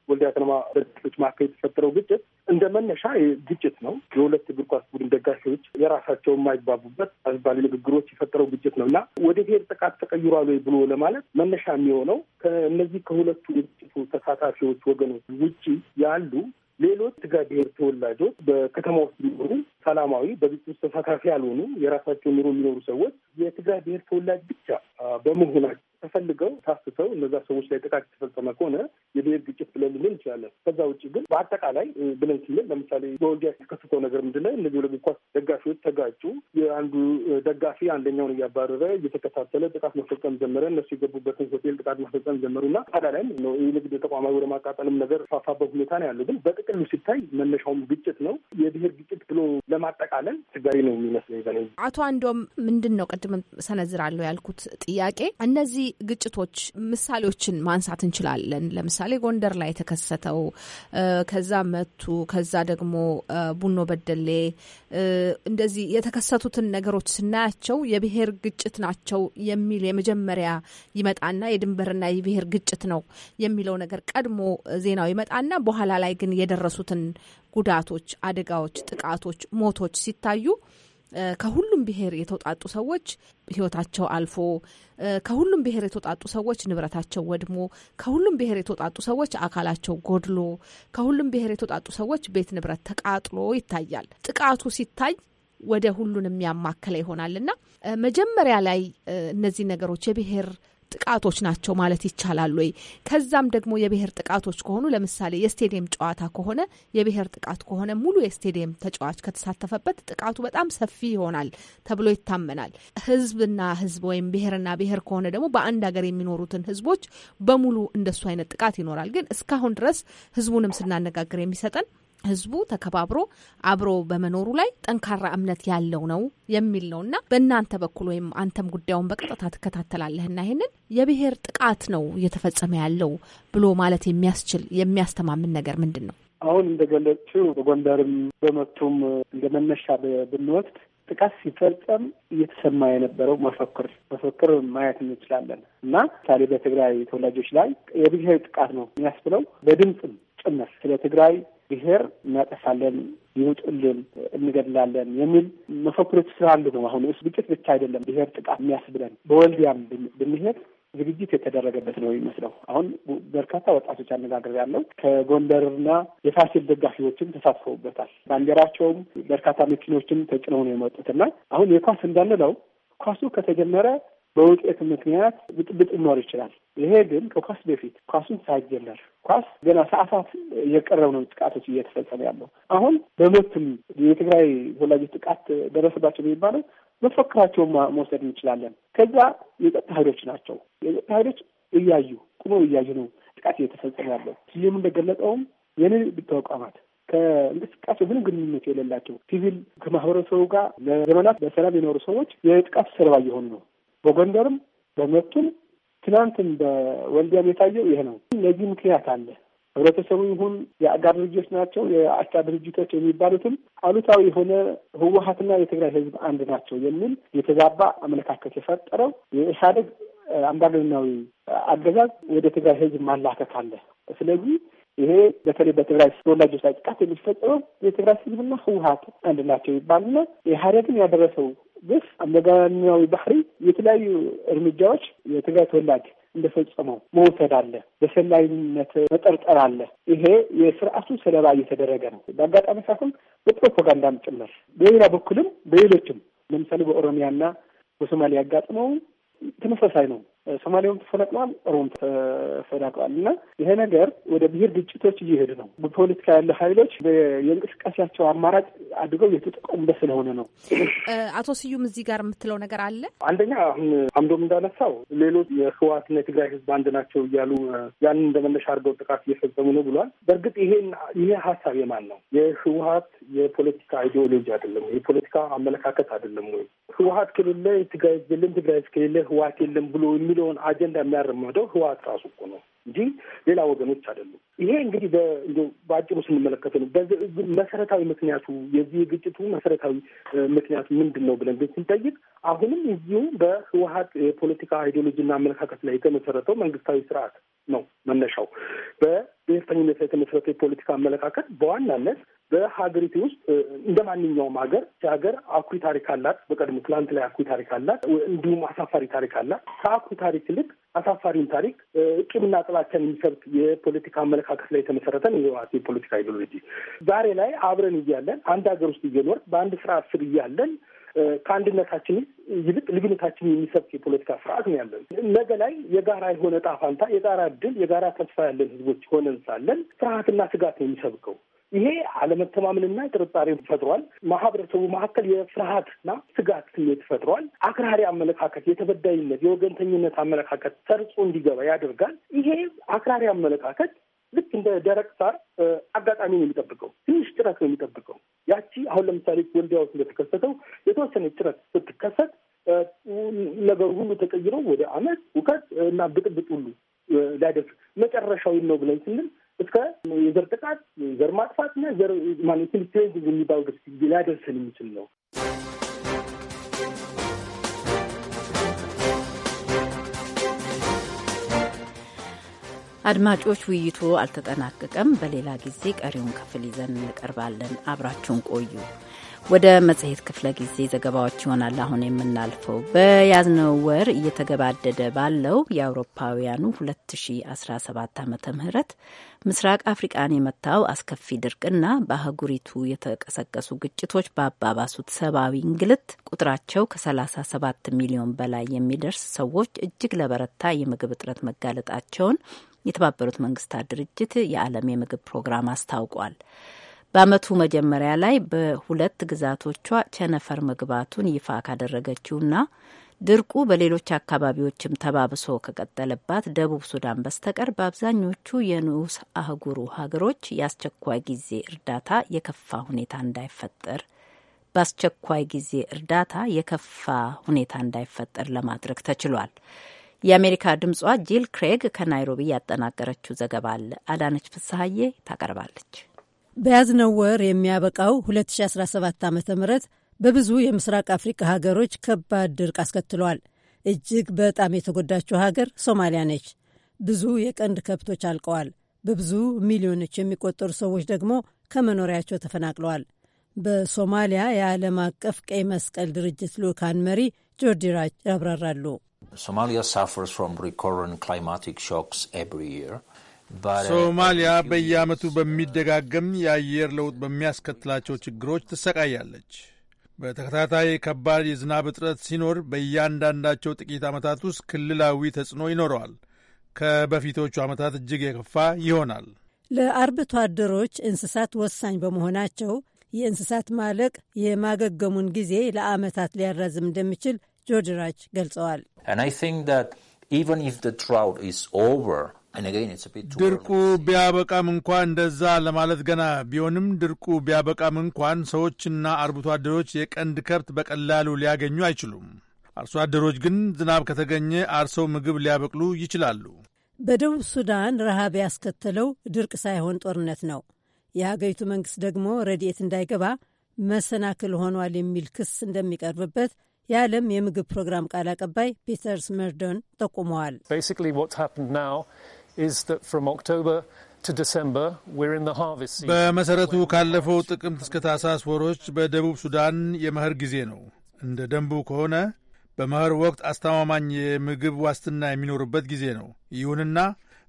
ወልዲያ ከነማ ደጋፊዎች መካከል የተፈጠረው ግጭት እንደ መነሻ ግጭት ነው። የሁለት እግር ኳስ ቡድን ደጋፊዎች የራሳቸው የማይግባቡበት አዝባሌ ንግግሮች የፈጠረው ግጭት ነው እና ወደ ብሔር ጥቃት ተቀይሯል ወይ ብሎ ለማለት መነሻ የሚሆነው ከእነዚህ ከሁለቱ የግጭቱ ተሳታፊዎች ወገኖች ውጭ ያሉ ሌሎች ትግራይ ብሔር ተወላጆች በከተማ ውስጥ የሚኖሩ ሰላማዊ በግጭት ውስጥ ተሳታፊ ያልሆኑ የራሳቸው ኑሮ የሚኖሩ ሰዎች የትግራይ ብሔር ተወላጅ ብቻ በመሆናቸው ተፈልገው ታስሰው እነዛ ሰዎች ላይ ጥቃት የተፈጸመ ከሆነ የብሔር ግጭት ብለን ልንል እንችላለን። ከዛ ውጭ ግን በአጠቃላይ ብለን ስንል ለምሳሌ በወልዲያ የተከሰተው ነገር ምንድን ነው? እነዚህ ሁለት ኳስ ደጋፊዎች ተጋጩ። የአንዱ ደጋፊ አንደኛውን እያባረረ እየተከታተለ ጥቃት መፈጸም ጀመረ። እነሱ የገቡበትን ሆቴል ጥቃት መፈጸም እና ተቃዳላይም ነው የንግድ ተቋማዊ ወደ ማቃጠልም ነገር ፋፋበት ሁኔታ ነው ያለው። ግን በጥቅሉ ሲታይ መነሻውም ግጭት ነው። የብሔር ግጭት ብሎ ለማጠቃለል አስቸጋሪ ነው የሚመስለኝ። በ አቶ አንዶም ምንድን ነው ቅድም ሰነዝራለሁ ያልኩት ጥያቄ እነዚህ ግጭቶች ምሳሌዎችን ማንሳት እንችላለን። ለምሳሌ ጎንደር ላይ የተከሰተው ከዛ መቱ፣ ከዛ ደግሞ ቡኖ በደሌ እንደዚህ የተከሰቱትን ነገሮች ስናያቸው የብሔር ግጭት ናቸው የሚል የመጀመሪያ ይመጣና የድንበርና የብሔር ግጭት ነው የሚለው ነገር ቀድሞ ዜናው ይመጣና በኋላ ላይ ግን የደረሱትን ጉዳቶች፣ አደጋዎች፣ ጥቃቶች፣ ሞቶች ሲታዩ ከሁሉም ብሔር የተውጣጡ ሰዎች ህይወታቸው አልፎ ከሁሉም ብሔር የተውጣጡ ሰዎች ንብረታቸው ወድሞ ከሁሉም ብሔር የተውጣጡ ሰዎች አካላቸው ጎድሎ ከሁሉም ብሔር የተውጣጡ ሰዎች ቤት ንብረት ተቃጥሎ ይታያል። ጥቃቱ ሲታይ ወደ ሁሉንም ያማከለ ይሆናልና መጀመሪያ ላይ እነዚህ ነገሮች የብሔር ጥቃቶች ናቸው ማለት ይቻላል ወይ? ከዛም ደግሞ የብሔር ጥቃቶች ከሆኑ ለምሳሌ የስቴዲየም ጨዋታ ከሆነ የብሔር ጥቃት ከሆነ ሙሉ የስቴዲየም ተጫዋች ከተሳተፈበት ጥቃቱ በጣም ሰፊ ይሆናል ተብሎ ይታመናል። ህዝብና ህዝብ ወይም ብሔርና ብሔር ከሆነ ደግሞ በአንድ ሀገር የሚኖሩትን ህዝቦች በሙሉ እንደሱ አይነት ጥቃት ይኖራል። ግን እስካሁን ድረስ ህዝቡንም ስናነጋግር የሚሰጠን ህዝቡ ተከባብሮ አብሮ በመኖሩ ላይ ጠንካራ እምነት ያለው ነው የሚል ነው እና በእናንተ በኩል ወይም አንተም ጉዳዩን በቀጥታ ትከታተላለህና ይህንን የብሔር ጥቃት ነው እየተፈጸመ ያለው ብሎ ማለት የሚያስችል የሚያስተማምን ነገር ምንድን ነው? አሁን እንደገለጽው በጎንደርም በመቱም እንደ መነሻ ብንወስድ ጥቃት ሲፈጸም እየተሰማ የነበረው መፈክር መፈክር ማየት እንችላለን እና ምሳሌ በትግራይ ተወላጆች ላይ የብሔር ጥቃት ነው የሚያስብለው በድምፅም ጭምር ስለ ትግራይ ብሔር እናጠፋለን፣ ይውጡልን፣ እንገድላለን የሚል መፈክሮች ስላሉ ነው። አሁን እሱ ግጭት ብቻ አይደለም ብሔር ጥቃት የሚያስብለን። በወልዲያም ብንሄድ ዝግጅት የተደረገበት ነው የሚመስለው። አሁን በርካታ ወጣቶች አነጋገር ያለው ከጎንደርና የፋሲል ደጋፊዎችም ተሳትፈውበታል። ባንዲራቸውም በርካታ መኪኖችም ተጭነው ነው የመጡትና አሁን የኳስ እንዳንለው ኳሱ ከተጀመረ በውጤት ምክንያት ብጥብጥ ሊኖር ይችላል። ይሄ ግን ከኳስ በፊት ኳሱን ሳይጀመር ኳስ ገና ሰዓታት እየቀረቡ ነው ጥቃቶች እየተፈጸመ ያለው። አሁን በሞትም የትግራይ ወላጆች ጥቃት ደረሰባቸው የሚባለው መፈክራቸውን መውሰድ እንችላለን። ከዛ የጸጥታ ኃይሎች ናቸው። የጸጥታ ኃይሎች እያዩ ቁመው እያዩ ነው ጥቃት እየተፈጸመ ያለው። ስዩም እንደገለጸውም የንብ ተቋማት ከእንቅስቃሴ ምንም ግንኙነት የሌላቸው ሲቪል ከማህበረሰቡ ጋር ለዘመናት በሰላም የኖሩ ሰዎች የጥቃት ሰለባ እየሆኑ ነው። በጎንደርም በመቱም ትናንትም በወልዲያም የታየው ይሄ ነው። ለዚህ ምክንያት አለ። ህብረተሰቡ ይሁን የአጋር ድርጅቶች ናቸው የአቻ ድርጅቶች የሚባሉትም አሉታዊ የሆነ ህወሀትና የትግራይ ህዝብ አንድ ናቸው የሚል የተዛባ አመለካከት የፈጠረው የኢህአዴግ አምባገነናዊ አገዛዝ ወደ ትግራይ ህዝብ ማላከት አለ። ስለዚህ ይሄ በተለይ በትግራይ ተወላጆች ላይ ጥቃት የሚፈጸመው የትግራይ ህዝብና ህወሀት አንድ ናቸው ይባልና ኢህአዴግን ያደረሰው ግን አመጋኛዊ ባህሪ የተለያዩ እርምጃዎች የትግራይ ተወላጅ እንደፈጸመው መውሰድ አለ፣ በሰላይነት መጠርጠር አለ። ይሄ የስርዓቱ ሰለባ እየተደረገ ነው፣ በአጋጣሚ ሳይሆን በፕሮፓጋንዳም ጭምር። በሌላ በኩልም በሌሎችም ለምሳሌ በኦሮሚያና በሶማሊያ ያጋጥመው ተመሳሳይ ነው። ሶማሌውም ተፈናቅሏል፣ ኦሮሞም ተፈናቅሏል እና ይሄ ነገር ወደ ብሄር ግጭቶች እየሄዱ ነው። በፖለቲካ ያለ ሀይሎች የእንቅስቃሴያቸው አማራጭ አድርገው እየተጠቀሙበት ስለሆነ ነው። አቶ ስዩም እዚህ ጋር የምትለው ነገር አለ። አንደኛ አሁን አምዶም እንዳነሳው ሌሎች የህወሓትና የትግራይ ህዝብ አንድ ናቸው እያሉ ያንን እንደመነሻ አድርገው ጥቃት እየፈጸሙ ነው ብሏል። በእርግጥ ይሄን ይሄ ሀሳብ የማን ነው? የህወሓት የፖለቲካ አይዲዮሎጂ አይደለም፣ የፖለቲካ አመለካከት አይደለም ወይ ህወሓት ከሌለ ትግራይ የለም፣ ትግራይ ከሌለ ህወሓት የለም ብሎ የሚ የሚለውን አጀንዳ የሚያረመደው ህወሓት ራሱ እኮ ነው እንጂ ሌላ ወገኖች አይደሉም። ይሄ እንግዲህ በአጭሩ ስንመለከት ነው። መሰረታዊ ምክንያቱ የዚህ የግጭቱ መሰረታዊ ምክንያቱ ምንድን ነው ብለን ግን ስንጠይቅ አሁንም እዚሁ በህወሀት የፖለቲካ አይዲዮሎጂና አመለካከት ላይ የተመሰረተው መንግስታዊ ስርዓት ነው መነሻው። በብሔርተኝነት ላይ የተመሰረተው የፖለቲካ አመለካከት በዋናነት በሀገሪቱ ውስጥ እንደ ማንኛውም ሀገር ሀገር አኩሪ ታሪክ አላት። በቀድሞ ትላንት ላይ አኩሪ ታሪክ አላት፣ እንዲሁም አሳፋሪ ታሪክ አላት። ከአኩሪ ታሪክ ይልቅ አሳፋሪን ታሪክ ቂምና ጥላቻን የሚሰብክ የፖለቲካ አመለካከት ላይ የተመሰረተን የህወሓት የፖለቲካ ኢዲዮሎጂ ዛሬ ላይ አብረን እያለን አንድ ሀገር ውስጥ እየኖር በአንድ ስራ ስር እያለን ከአንድነታችን ይልቅ ልዩነታችን የሚሰብክ የፖለቲካ ስርዓት ነው ያለን። ነገ ላይ የጋራ የሆነ ጣፋንታ የጋራ እድል፣ የጋራ ተስፋ ያለን ህዝቦች ሆነን ሳለን ፍርሃትና ስጋት ነው የሚሰብከው። ይሄ አለመተማመንና ጥርጣሬ ፈጥሯል። ማህበረሰቡ መካከል የፍርሃትና ስጋት ስሜት ፈጥሯል። አክራሪ አመለካከት፣ የተበዳይነት፣ የወገንተኝነት አመለካከት ሰርጾ እንዲገባ ያደርጋል። ይሄ አክራሪ አመለካከት ልክ እንደ ደረቅ ሳር አጋጣሚ ነው የሚጠብቀው። ትንሽ ጭረት ነው የሚጠብቀው። ያቺ አሁን ለምሳሌ ወልዲያ ውስጥ እንደተከሰተው የተወሰነ ጭረት ስትከሰት ነገሩ ሁሉ ተቀይሮ ወደ አመት፣ እውቀት እና ብጥብጥ ሁሉ ሊያደርግ መጨረሻዊ ነው ብለን ስንል እስከ የዘር ጥቃት፣ የዘር ማጥፋት እና ዘር ማኒፕሊቴት የሚባል ድርስ ሊያደርሰን የሚችል ነው። አድማጮች፣ ውይይቱ አልተጠናቀቀም። በሌላ ጊዜ ቀሪውን ክፍል ይዘን እንቀርባለን። አብራችሁን ቆዩ። ወደ መጽሔት ክፍለ ጊዜ ዘገባዎች ይሆናል አሁን የምናልፈው። በያዝነው ወር እየተገባደደ ባለው የአውሮፓውያኑ 2017 ዓመተ ምህረት ምስራቅ አፍሪቃን የመታው አስከፊ ድርቅና በአህጉሪቱ የተቀሰቀሱ ግጭቶች በአባባሱት ሰብአዊ እንግልት ቁጥራቸው ከ37 ሚሊዮን በላይ የሚደርስ ሰዎች እጅግ ለበረታ የምግብ እጥረት መጋለጣቸውን የተባበሩት መንግስታት ድርጅት የዓለም የምግብ ፕሮግራም አስታውቋል። በአመቱ መጀመሪያ ላይ በሁለት ግዛቶቿ ቸነፈር መግባቱን ይፋ ካደረገችውና ድርቁ በሌሎች አካባቢዎችም ተባብሶ ከቀጠለባት ደቡብ ሱዳን በስተቀር በአብዛኞቹ የንዑስ አህጉሩ ሀገሮች የአስቸኳይ ጊዜ እርዳታ የከፋ ሁኔታ እንዳይፈጠር በአስቸኳይ ጊዜ እርዳታ የከፋ ሁኔታ እንዳይፈጠር ለማድረግ ተችሏል። የአሜሪካ ድምጿ ጂል ክሬግ ከናይሮቢ ያጠናቀረችው ዘገባ አለ። አዳነች ፍስሀዬ ታቀርባለች። በያዝነው ወር የሚያበቃው 2017 ዓ ም በብዙ የምስራቅ አፍሪካ ሀገሮች ከባድ ድርቅ አስከትሏል። እጅግ በጣም የተጎዳችው ሀገር ሶማሊያ ነች። ብዙ የቀንድ ከብቶች አልቀዋል። በብዙ ሚሊዮኖች የሚቆጠሩ ሰዎች ደግሞ ከመኖሪያቸው ተፈናቅለዋል። በሶማሊያ የዓለም አቀፍ ቀይ መስቀል ድርጅት ልዑካን መሪ ጆርዲ ራጅ ያብራራሉ። ሶማሊያ ሳፈርስ ፍሮም ሪኮረንት ክላይማቲክ ሾክስ ኤቭሪ ይር ሶማሊያ በየዓመቱ በሚደጋገም የአየር ለውጥ በሚያስከትላቸው ችግሮች ትሰቃያለች። በተከታታይ ከባድ የዝናብ እጥረት ሲኖር በእያንዳንዳቸው ጥቂት ዓመታት ውስጥ ክልላዊ ተጽዕኖ ይኖረዋል። ከበፊቶቹ ዓመታት እጅግ የከፋ ይሆናል። ለአርብቶ አደሮች እንስሳት ወሳኝ በመሆናቸው የእንስሳት ማለቅ የማገገሙን ጊዜ ለዓመታት ሊያራዝም እንደሚችል ጆርጅ ራች ገልጸዋል። And ድርቁ ቢያበቃም እንኳን እንደዛ ለማለት ገና ቢሆንም ድርቁ ቢያበቃም እንኳን ሰዎችና አርብቶ አደሮች የቀንድ ከብት በቀላሉ ሊያገኙ አይችሉም። አርሶ አደሮች ግን ዝናብ ከተገኘ አርሰው ምግብ ሊያበቅሉ ይችላሉ። በደቡብ ሱዳን ረሃብ ያስከተለው ድርቅ ሳይሆን ጦርነት ነው። የሀገሪቱ መንግስት ደግሞ ረድኤት እንዳይገባ መሰናክል ሆኗል የሚል ክስ እንደሚቀርብበት የዓለም የምግብ ፕሮግራም ቃል አቀባይ ፒተርስ መርዶን ጠቁመዋል። በመሰረቱ ካለፈው ጥቅምት እስከ ታሳስ ወሮች በደቡብ ሱዳን የመኸር ጊዜ ነው። እንደ ደንቡ ከሆነ በመኸር ወቅት አስተማማኝ የምግብ ዋስትና የሚኖርበት ጊዜ ነው። ይሁንና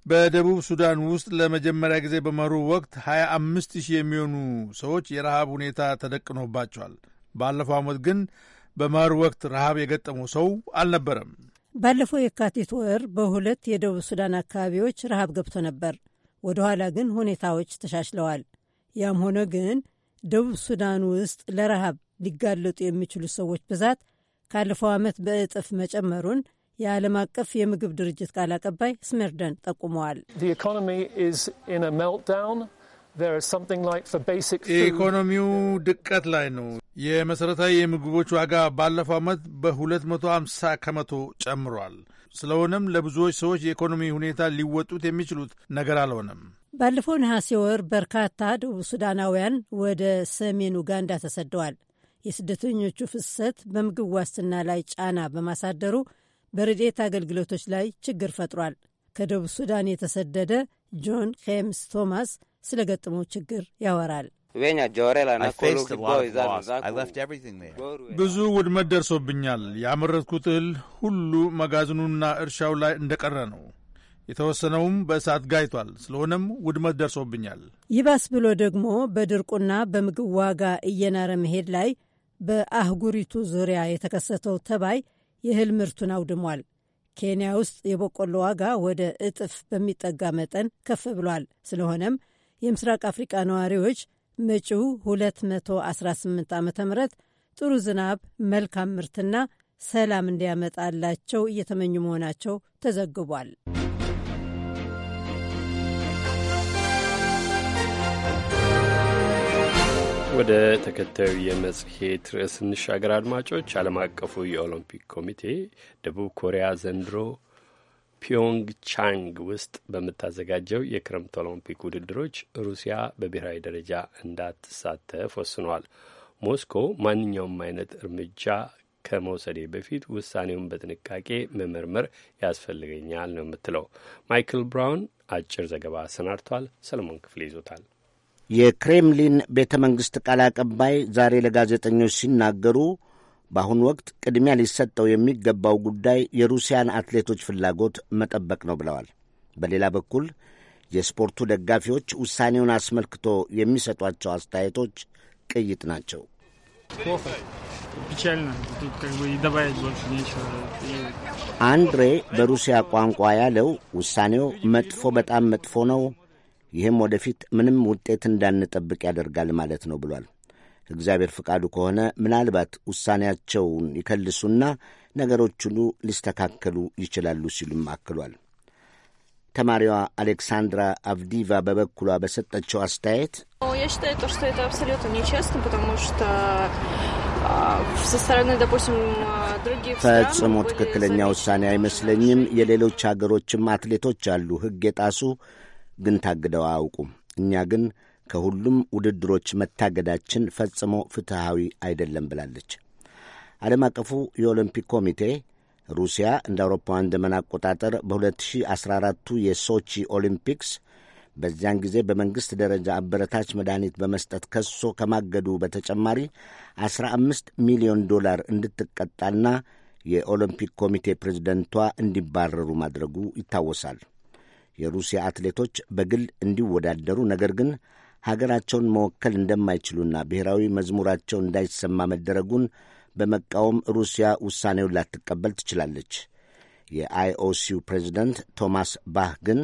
በደቡብ ሱዳን ውስጥ ለመጀመሪያ ጊዜ በመኸሩ ወቅት 25 ሺህ የሚሆኑ ሰዎች የረሃብ ሁኔታ ተደቅኖባቸዋል። ባለፈው ዓመት ግን በመኸር ወቅት ረሃብ የገጠመው ሰው አልነበረም። ባለፈው የካቲት ወር በሁለት የደቡብ ሱዳን አካባቢዎች ረሃብ ገብቶ ነበር። ወደ ኋላ ግን ሁኔታዎች ተሻሽለዋል። ያም ሆነ ግን ደቡብ ሱዳን ውስጥ ለረሃብ ሊጋለጡ የሚችሉ ሰዎች ብዛት ካለፈው ዓመት በእጥፍ መጨመሩን የዓለም አቀፍ የምግብ ድርጅት ቃል አቀባይ ስሜርደን ጠቁመዋል። የኢኮኖሚው ድቀት ላይ ነው። የመሠረታዊ የምግቦች ዋጋ ባለፈው ዓመት በ250 ከመቶ ጨምሯል። ስለሆነም ለብዙዎች ሰዎች የኢኮኖሚ ሁኔታ ሊወጡት የሚችሉት ነገር አልሆነም። ባለፈው ነሐሴ ወር በርካታ ደቡብ ሱዳናውያን ወደ ሰሜን ኡጋንዳ ተሰደዋል። የስደተኞቹ ፍሰት በምግብ ዋስትና ላይ ጫና በማሳደሩ በረድኤት አገልግሎቶች ላይ ችግር ፈጥሯል። ከደቡብ ሱዳን የተሰደደ ጆን ኬምስ ቶማስ ስለ ገጠመው ችግር ያወራል። ብዙ ውድመት ደርሶብኛል። ያመረትኩት እህል ሁሉ መጋዘኑና እርሻው ላይ እንደቀረ ነው። የተወሰነውም በእሳት ጋይቷል። ስለሆነም ውድመት ደርሶብኛል። ይባስ ብሎ ደግሞ በድርቁና በምግብ ዋጋ እየናረ መሄድ ላይ በአህጉሪቱ ዙሪያ የተከሰተው ተባይ የእህል ምርቱን አውድሟል። ኬንያ ውስጥ የበቆሎ ዋጋ ወደ እጥፍ በሚጠጋ መጠን ከፍ ብሏል። ስለሆነም የምስራቅ አፍሪቃ ነዋሪዎች መጪው 218 ዓ ም ጥሩ ዝናብ፣ መልካም ምርትና ሰላም እንዲያመጣላቸው እየተመኙ መሆናቸው ተዘግቧል። ወደ ተከታዩ የመጽሔት ርዕስ እንሻገር። አድማጮች፣ ዓለም አቀፉ የኦሎምፒክ ኮሚቴ ደቡብ ኮሪያ ዘንድሮ ፒዮንግ ቻንግ ውስጥ በምታዘጋጀው የክረምት ኦሎምፒክ ውድድሮች ሩሲያ በብሔራዊ ደረጃ እንዳትሳተፍ ወስኗል። ሞስኮ ማንኛውም አይነት እርምጃ ከመውሰዴ በፊት ውሳኔውን በጥንቃቄ መመርመር ያስፈልገኛል ነው የምትለው። ማይክል ብራውን አጭር ዘገባ አሰናድቷል። ሰለሞን ክፍል ይዞታል። የክሬምሊን ቤተ መንግሥት ቃል አቀባይ ዛሬ ለጋዜጠኞች ሲናገሩ በአሁኑ ወቅት ቅድሚያ ሊሰጠው የሚገባው ጉዳይ የሩሲያን አትሌቶች ፍላጎት መጠበቅ ነው ብለዋል። በሌላ በኩል የስፖርቱ ደጋፊዎች ውሳኔውን አስመልክቶ የሚሰጧቸው አስተያየቶች ቅይጥ ናቸው። አንድሬ በሩሲያ ቋንቋ ያለው ውሳኔው መጥፎ፣ በጣም መጥፎ ነው። ይህም ወደፊት ምንም ውጤት እንዳንጠብቅ ያደርጋል ማለት ነው ብሏል። እግዚአብሔር ፍቃዱ ከሆነ ምናልባት ውሳኔያቸውን ይከልሱና ነገሮች ሁሉ ሊስተካከሉ ይችላሉ ሲሉም አክሏል። ተማሪዋ አሌክሳንድራ አቭዲቫ በበኩሏ በሰጠችው አስተያየት ፈጽሞ ትክክለኛ ውሳኔ አይመስለኝም። የሌሎች አገሮችም አትሌቶች አሉ፣ ሕግ የጣሱ ግን ታግደው አያውቁም። እኛ ግን ከሁሉም ውድድሮች መታገዳችን ፈጽሞ ፍትሐዊ አይደለም ብላለች። ዓለም አቀፉ የኦሎምፒክ ኮሚቴ ሩሲያ እንደ አውሮፓውያን ዘመን አቆጣጠር በ2014ቱ የሶቺ ኦሊምፒክስ በዚያን ጊዜ በመንግሥት ደረጃ አበረታች መድኃኒት በመስጠት ከሶ ከማገዱ በተጨማሪ 15 ሚሊዮን ዶላር እንድትቀጣና የኦሎምፒክ ኮሚቴ ፕሬዝደንቷ እንዲባረሩ ማድረጉ ይታወሳል። የሩሲያ አትሌቶች በግል እንዲወዳደሩ ነገር ግን ሀገራቸውን መወከል እንደማይችሉና ብሔራዊ መዝሙራቸው እንዳይሰማ መደረጉን በመቃወም ሩሲያ ውሳኔውን ላትቀበል ትችላለች። የአይኦሲው ፕሬዚደንት ቶማስ ባህ ግን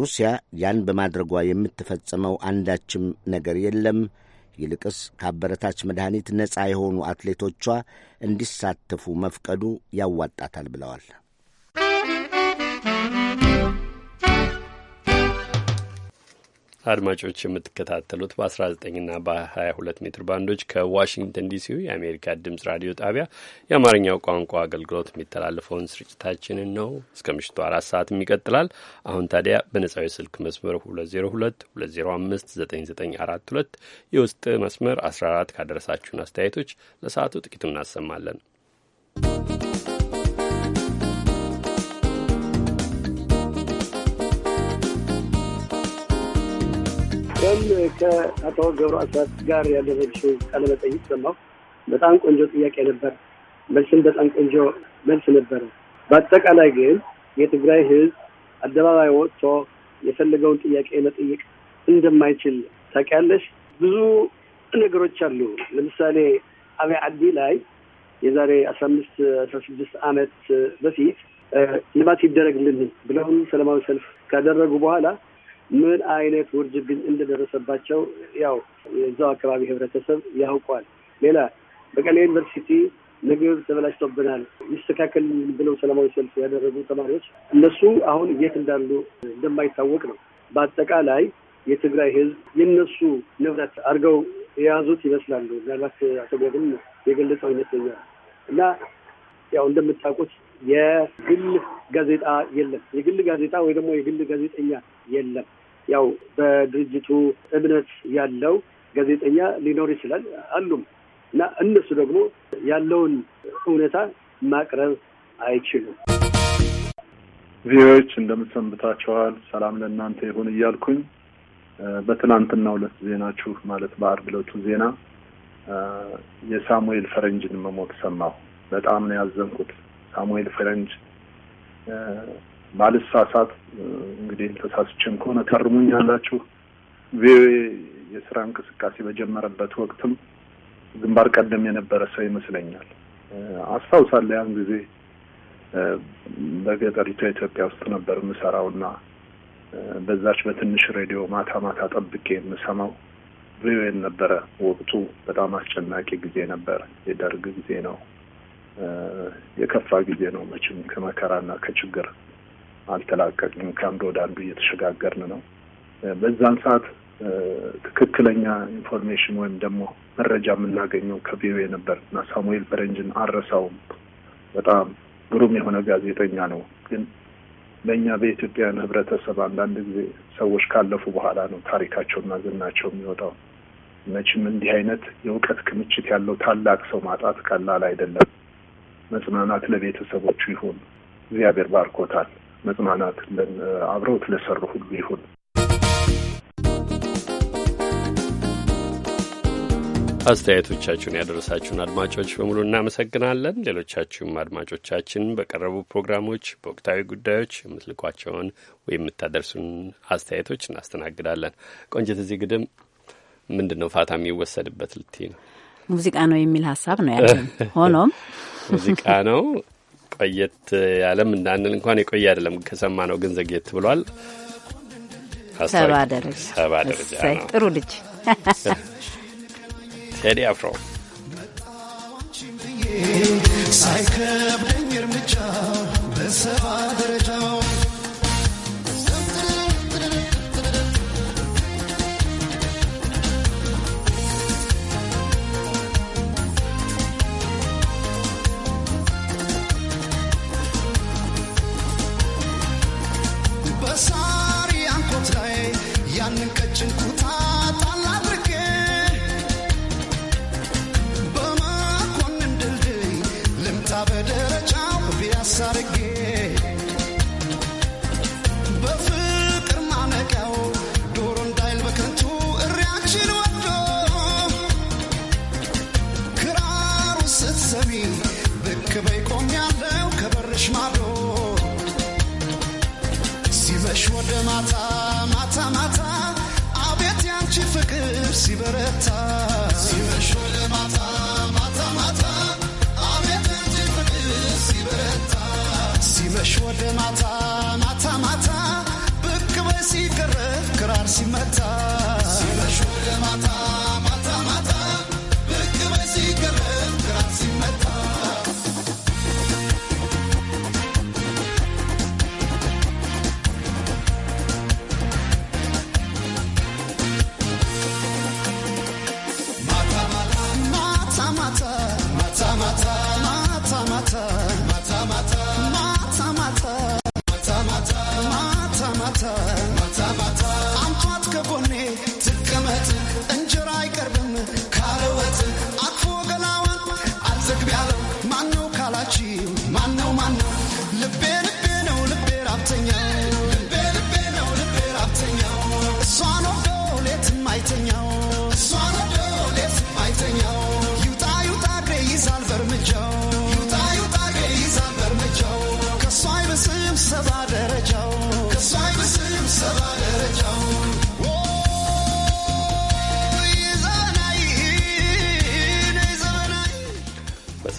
ሩሲያ ያን በማድረጓ የምትፈጸመው አንዳችም ነገር የለም፣ ይልቅስ ከአበረታች መድኃኒት ነፃ የሆኑ አትሌቶቿ እንዲሳተፉ መፍቀዱ ያዋጣታል ብለዋል። አድማጮች የምትከታተሉት በ19ና በ22 ሜትር ባንዶች ከዋሽንግተን ዲሲው የአሜሪካ ድምጽ ራዲዮ ጣቢያ የአማርኛው ቋንቋ አገልግሎት የሚተላለፈውን ስርጭታችንን ነው። እስከ ምሽቱ አራት ሰዓትም ይቀጥላል። አሁን ታዲያ በነጻዊ ስልክ መስመር 2022059942 የውስጥ መስመር 14 ካደረሳችሁን አስተያየቶች ለሰዓቱ ጥቂቱ እናሰማለን። አለም ከአቶ ገብሩ አስራት ጋር ያደረግሽው ቃለመጠይቅ ሰማሁ። በጣም ቆንጆ ጥያቄ ነበር። መልስም በጣም ቆንጆ መልስ ነበረ። በአጠቃላይ ግን የትግራይ ህዝብ አደባባይ ወጥቶ የፈለገውን ጥያቄ መጠየቅ እንደማይችል ታውቂያለሽ። ብዙ ነገሮች አሉ። ለምሳሌ አብይ አዲ ላይ የዛሬ አስራ አምስት አስራ ስድስት ዓመት በፊት ልማት ይደረግልን ብለውን ሰላማዊ ሰልፍ ካደረጉ በኋላ ምን አይነት ውርጅብኝ እንደደረሰባቸው ያው የዛው አካባቢ ህብረተሰብ ያውቋል። ሌላ መቀሌ ዩኒቨርሲቲ ምግብ ተበላሽቶብናል ይስተካከል ብለው ሰላማዊ ሰልፍ ያደረጉ ተማሪዎች እነሱ አሁን የት እንዳሉ እንደማይታወቅ ነው። በአጠቃላይ የትግራይ ህዝብ የእነሱ ንብረት አድርገው የያዙት ይመስላሉ። ምናልባት አቶቢያግን የገለጸው ይመስለኛል። እና ያው እንደምታውቁት የግል ጋዜጣ የለም፣ የግል ጋዜጣ ወይ ደግሞ የግል ጋዜጠኛ የለም። ያው በድርጅቱ እምነት ያለው ጋዜጠኛ ሊኖር ይችላል አሉም እና እነሱ ደግሞ ያለውን እውነታ ማቅረብ አይችሉም። ቪዎች እንደምትሰንብታችኋል። ሰላም ለእናንተ ይሁን እያልኩኝ በትናንትና ሁለት ዜናችሁ ማለት በአርብ ዕለቱ ዜና የሳሙኤል ፈረንጅን መሞት ሰማሁ። በጣም ነው ያዘንኩት። ሳሙኤል ፈረንጅ ባልሳሳት እንግዲህ ተሳስቼም ከሆነ ከርሙኝ ያላችሁ ቪኦኤ የስራ እንቅስቃሴ በጀመረበት ወቅትም ግንባር ቀደም የነበረ ሰው ይመስለኛል። አስታውሳለሁ ያን ጊዜ በገጠሪቷ ኢትዮጵያ ውስጥ ነበር የምሰራውና በዛች በትንሽ ሬዲዮ ማታ ማታ ጠብቄ የምሰማው ቪኦኤን ነበረ። ወቅቱ በጣም አስጨናቂ ጊዜ ነበር። የደርግ ጊዜ ነው። የከፋ ጊዜ ነው መቼም ከመከራና ከችግር አልተላቀቅንም። ከአንዱ ወደ አንዱ እየተሸጋገርን ነው። በዛን ሰዓት ትክክለኛ ኢንፎርሜሽን ወይም ደግሞ መረጃ የምናገኘው ከቪኦኤ ነበር እና ሳሙኤል በረንጅን አልረሳውም። በጣም ግሩም የሆነ ጋዜጠኛ ነው። ግን በእኛ በኢትዮጵያውያን ህብረተሰብ አንዳንድ ጊዜ ሰዎች ካለፉ በኋላ ነው ታሪካቸውና ዝናቸው የሚወጣው። መቼም እንዲህ አይነት የእውቀት ክምችት ያለው ታላቅ ሰው ማጣት ቀላል አይደለም። መጽናናት ለቤተሰቦቹ ይሁን። እግዚአብሔር ባርኮታል። መጽናናት አብረውት ለሰሩ ሁሉ ይሁን። አስተያየቶቻችሁን ያደረሳችሁን አድማጮች በሙሉ እናመሰግናለን። ሌሎቻችሁም አድማጮቻችን በቀረቡ ፕሮግራሞች በወቅታዊ ጉዳዮች የምትልኳቸውን ወይም የምታደርሱን አስተያየቶች እናስተናግዳለን። ቆንጀት፣ እዚህ ግድም ምንድን ነው ፋታ የሚወሰድበት ልቲ ነው ሙዚቃ ነው የሚል ሀሳብ ነው ያለን። ሆኖም (laughs) ሙዚቃ ነው ቆየት ያለም እንዳንል እንኳን የቆየ አይደለም ከሰማ ነው ግን ዘግየት ብሏል። ሰባ ደረጃ ሰባ ደረጃ ጥሩ ልጅ (laughs) ቴዲ አፍሮ ሳይከብደኝ እርምጃ በሰባ ደረጃው What am I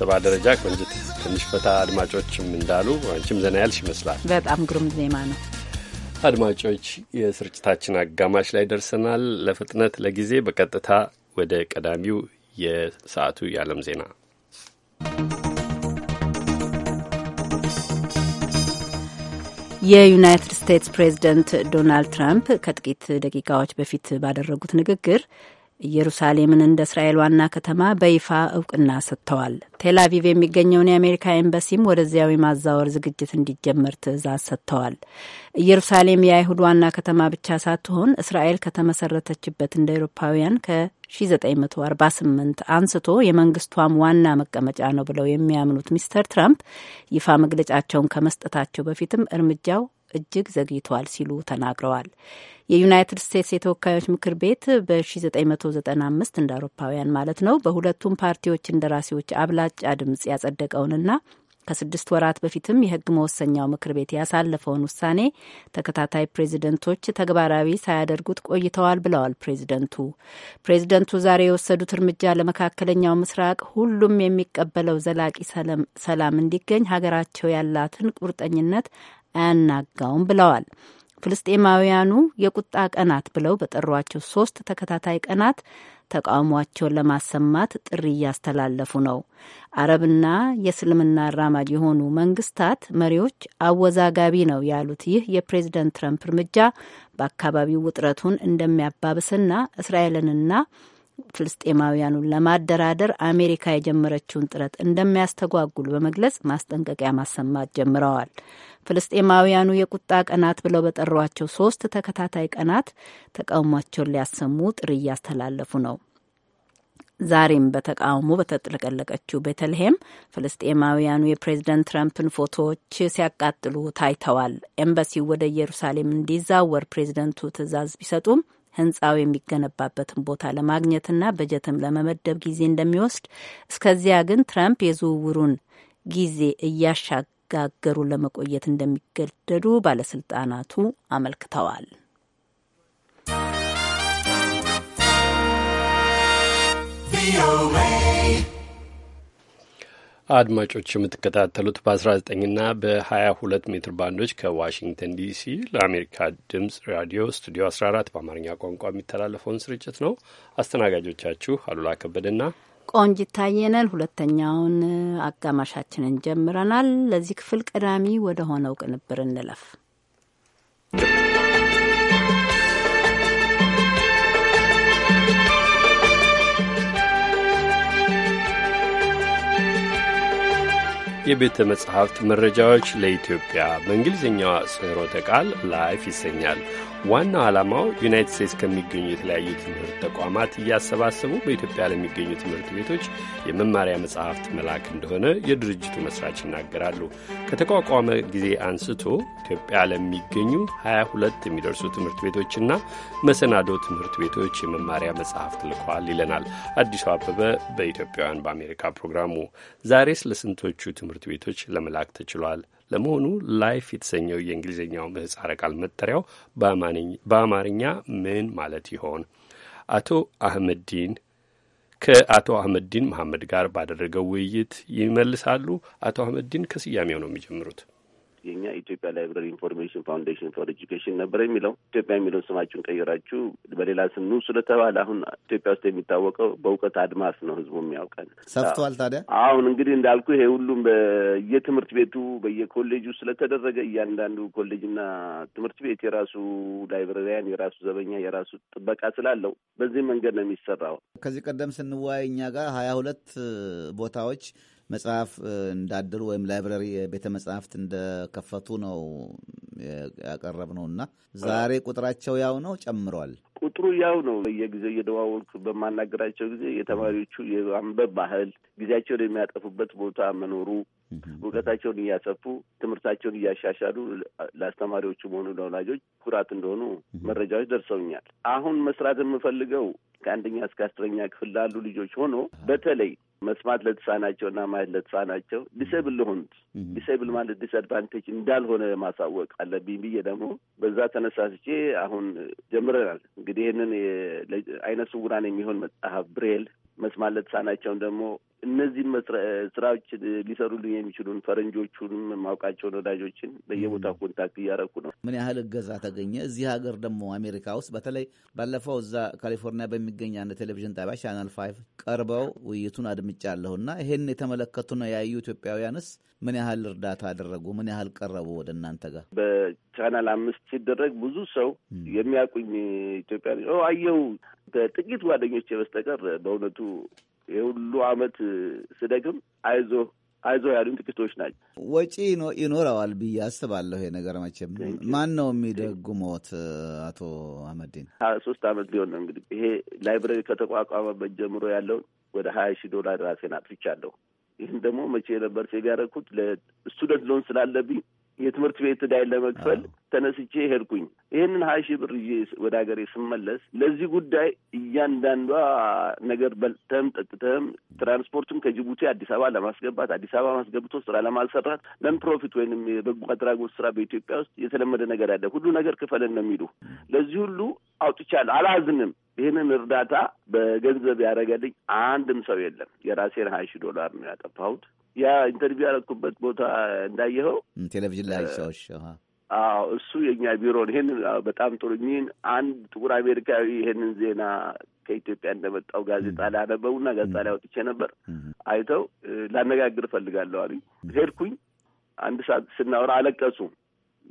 በስብሰባ ደረጃ ቆንጅት ትንሽ ፈታ አድማጮችም እንዳሉ አንቺም ዘና ያልሽ ይመስላል። በጣም ግሩም ዜማ ነው። አድማጮች የስርጭታችን አጋማሽ ላይ ደርሰናል። ለፍጥነት ለጊዜ በቀጥታ ወደ ቀዳሚው የሰዓቱ የዓለም ዜና የዩናይትድ ስቴትስ ፕሬዝደንት ዶናልድ ትራምፕ ከጥቂት ደቂቃዎች በፊት ባደረጉት ንግግር ኢየሩሳሌምን እንደ እስራኤል ዋና ከተማ በይፋ እውቅና ሰጥተዋል። ቴል አቪቭ የሚገኘውን የአሜሪካ ኤምባሲም ወደዚያው የማዛወር ዝግጅት እንዲጀመር ትዕዛዝ ሰጥተዋል። ኢየሩሳሌም የአይሁድ ዋና ከተማ ብቻ ሳትሆን እስራኤል ከተመሰረተችበት እንደ ኤሮፓውያን ከ1948 አንስቶ የመንግስቷም ዋና መቀመጫ ነው ብለው የሚያምኑት ሚስተር ትራምፕ ይፋ መግለጫቸውን ከመስጠታቸው በፊትም እርምጃው እጅግ ዘግይቷል ሲሉ ተናግረዋል። የዩናይትድ ስቴትስ የተወካዮች ምክር ቤት በ1995 እንደ አውሮፓውያን ማለት ነው በሁለቱም ፓርቲዎች እንደራሴዎች አብላጫ ድምፅ ያጸደቀውንና ከስድስት ወራት በፊትም የሕግ መወሰኛው ምክር ቤት ያሳለፈውን ውሳኔ ተከታታይ ፕሬዚደንቶች ተግባራዊ ሳያደርጉት ቆይተዋል ብለዋል ፕሬዚደንቱ። ፕሬዚደንቱ ዛሬ የወሰዱት እርምጃ ለመካከለኛው ምስራቅ ሁሉም የሚቀበለው ዘላቂ ሰላም እንዲገኝ ሀገራቸው ያላትን ቁርጠኝነት አያናጋውም ብለዋል። ፍልስጤማውያኑ የቁጣ ቀናት ብለው በጠሯቸው ሶስት ተከታታይ ቀናት ተቃውሟቸውን ለማሰማት ጥሪ እያስተላለፉ ነው። አረብና የእስልምና አራማጅ የሆኑ መንግስታት መሪዎች አወዛጋቢ ነው ያሉት ይህ የፕሬዝደንት ትረምፕ እርምጃ በአካባቢው ውጥረቱን እንደሚያባብስና እስራኤልንና ፍልስጤማውያኑን ለማደራደር አሜሪካ የጀመረችውን ጥረት እንደሚያስተጓጉል በመግለጽ ማስጠንቀቂያ ማሰማት ጀምረዋል። ፍልስጤማውያኑ የቁጣ ቀናት ብለው በጠሯቸው ሶስት ተከታታይ ቀናት ተቃውሟቸውን ሊያሰሙ ጥሪ እያስተላለፉ ነው። ዛሬም በተቃውሞ በተጥለቀለቀችው ቤተልሔም ፍልስጤማውያኑ የፕሬዝደንት ትራምፕን ፎቶዎች ሲያቃጥሉ ታይተዋል። ኤምባሲው ወደ ኢየሩሳሌም እንዲዛወር ፕሬዝደንቱ ትዕዛዝ ቢሰጡም ህንፃው የሚገነባበትን ቦታ ለማግኘትና በጀትም ለመመደብ ጊዜ እንደሚወስድ፣ እስከዚያ ግን ትራምፕ የዝውውሩን ጊዜ እያሻጋገሩ ለመቆየት እንደሚገደዱ ባለስልጣናቱ አመልክተዋል። አድማጮች የምትከታተሉት በ19ና በ22 ሜትር ባንዶች ከዋሽንግተን ዲሲ ለአሜሪካ ድምፅ ራዲዮ ስቱዲዮ 14 በአማርኛ ቋንቋ የሚተላለፈውን ስርጭት ነው። አስተናጋጆቻችሁ አሉላ ከበደና ቆንጂት ታየ ሁለተኛውን አጋማሻችንን ጀምረናል። ለዚህ ክፍል ቀዳሚ ወደ ሆነው ቅንብር እንለፍ። የቤተ መጽሐፍት መረጃዎች ለኢትዮጵያ በእንግሊዝኛዋ ጽሕሮተ ቃል ላይፍ ይሰኛል። ዋናው ዓላማው ዩናይትድ ስቴትስ ከሚገኙ የተለያዩ ትምህርት ተቋማት እያሰባሰቡ በኢትዮጵያ ለሚገኙ ትምህርት ቤቶች የመማሪያ መጽሐፍት መላክ እንደሆነ የድርጅቱ መስራች ይናገራሉ። ከተቋቋመ ጊዜ አንስቶ ኢትዮጵያ ለሚገኙ 22 የሚደርሱ ትምህርት ቤቶችና መሰናዶ ትምህርት ቤቶች የመማሪያ መጽሐፍት ልኳል ይለናል አዲሱ አበበ በኢትዮጵያውያን በአሜሪካ ፕሮግራሙ። ዛሬ ስለ ትምህርት ቤቶች ለመላክ ተችሏል? ለመሆኑ ላይፍ የተሰኘው የእንግሊዝኛው ምህጻረ ቃል መጠሪያው በአማርኛ ምን ማለት ይሆን? አቶ አህመዲን ከአቶ አህመድዲን መሐመድ ጋር ባደረገው ውይይት ይመልሳሉ። አቶ አህመድዲን ከስያሜው ነው የሚጀምሩት። የኛ ኢትዮጵያ ላይብራሪ ኢንፎርሜሽን ፋውንዴሽን ፎር ኤጁኬሽን ነበረ የሚለው ኢትዮጵያ የሚለውን ስማችሁን ቀይራችሁ በሌላ ስኑ ስለተባለ አሁን ኢትዮጵያ ውስጥ የሚታወቀው በእውቀት አድማስ ነው ህዝቡ የሚያውቀን ሰፍቷል። ታዲያ አሁን እንግዲህ እንዳልኩ ይሄ ሁሉም በየትምህርት ቤቱ በየኮሌጁ ስለተደረገ እያንዳንዱ ኮሌጅና ትምህርት ቤት የራሱ ላይብራሪያን፣ የራሱ ዘበኛ፣ የራሱ ጥበቃ ስላለው በዚህ መንገድ ነው የሚሰራው። ከዚህ ቀደም ስንወያይ እኛ ጋር ሀያ ሁለት ቦታዎች መጽሐፍ እንዳደሉ ወይም ላይብረሪ ቤተ መጽሐፍት እንደከፈቱ ነው ያቀረብ ነው እና ዛሬ ቁጥራቸው ያው ነው ጨምሯል። ቁጥሩ ያው ነው። በየጊዜው እየደዋወልኩ በማናገራቸው ጊዜ የተማሪዎቹ የአንበብ ባህል ጊዜያቸውን የሚያጠፉበት ቦታ መኖሩ እውቀታቸውን እያሰፉ ትምህርታቸውን እያሻሻሉ ለአስተማሪዎቹም ሆኑ ለወላጆች ኩራት እንደሆኑ መረጃዎች ደርሰውኛል። አሁን መስራት የምፈልገው ከአንደኛ እስከ አስረኛ ክፍል ላሉ ልጆች ሆኖ በተለይ መስማት ለተሳናቸው እና ማየት ለተሳናቸው ዲሴብል ለሆኑት ዲሴብል ማለት ዲስአድቫንቴጅ እንዳልሆነ ማሳወቅ አለብኝ ብዬ ደግሞ በዛ ተነሳስቼ አሁን ጀምረናል። እንግዲህ ይህንን አይነ ስውራን የሚሆን መጽሐፍ ብሬል መስማት ለተሳናቸውን ደግሞ እነዚህ ስራዎች ሊሰሩልኝ የሚችሉን ፈረንጆቹንም ማውቃቸውን ወዳጆችን በየቦታው ኮንታክት እያረኩ ነው። ምን ያህል እገዛ ተገኘ? እዚህ ሀገር ደግሞ አሜሪካ ውስጥ በተለይ ባለፈው እዛ ካሊፎርኒያ በሚገኝ አንድ ቴሌቪዥን ጣቢያ ቻናል ፋይቭ ቀርበው ውይይቱን አድምጫለሁ እና ይህን ነው ያዩ ኢትዮጵያውያንስ ምን ያህል እርዳታ አደረጉ? ምን ያህል ቀረቡ ወደ እናንተ ጋር? በቻናል አምስት ሲደረግ ብዙ ሰው የሚያውቁኝ ኢትዮጵያ አየው ከጥቂት ጓደኞች በስተቀር በእውነቱ የሁሉ አመት ስደግም አይዞ አይዞ ያሉኝ ጥቂቶች ናቸው። ወጪ ይኖረዋል ብዬ አስባለሁ። የነገር መቼም ማን ነው የሚደጉመት? አቶ አህመዲን ሶስት አመት ሊሆን ነው እንግዲህ ይሄ ላይብረሪ ከተቋቋመበት ጀምሮ ያለውን ወደ ሀያ ሺህ ዶላር ራሴን አጥፍቻለሁ። ይህን ደግሞ መቼ ነበር ሴቭ ያደረግኩት? ለስቱደንት ሎን ስላለብኝ የትምህርት ቤት ዕዳይን ለመክፈል ተነስቼ ሄድኩኝ። ይህንን ሀያ ሺህ ብር ይዤ ወደ ሀገሬ ስመለስ ለዚህ ጉዳይ እያንዳንዷ ነገር በልተህም ጠጥተህም ትራንስፖርቱን ከጅቡቲ አዲስ አበባ ለማስገባት አዲስ አበባ ማስገብቶ ስራ ለማሰራት ነን ፕሮፊት ወይንም የበጎ አድራጎት ስራ በኢትዮጵያ ውስጥ የተለመደ ነገር አለ። ሁሉ ነገር ክፈልን ነው የሚሉ ለዚህ ሁሉ አውጥቻለሁ። አላዝንም። ይህንን እርዳታ በገንዘብ ያደረገልኝ አንድም ሰው የለም። የራሴን ሀያ ሺህ ዶላር ነው ያጠፋሁት። ያ ኢንተርቪው ያደረኩበት ቦታ እንዳየኸው ቴሌቪዥን ላይ ሰዎች አዎ፣ እሱ የእኛ ቢሮ ነው። ይሄንን በጣም ጥሩ ሚን አንድ ጥቁር አሜሪካዊ ይሄንን ዜና ከኢትዮጵያ እንደመጣው ጋዜጣ ላይ አነበቡና ጋዜጣ ላይ አውጥቼ ነበር። አይተው ላነጋግር እፈልጋለሁ አሉኝ። ሄድኩኝ። አንድ ሰዓት ስናወራ አለቀሱ።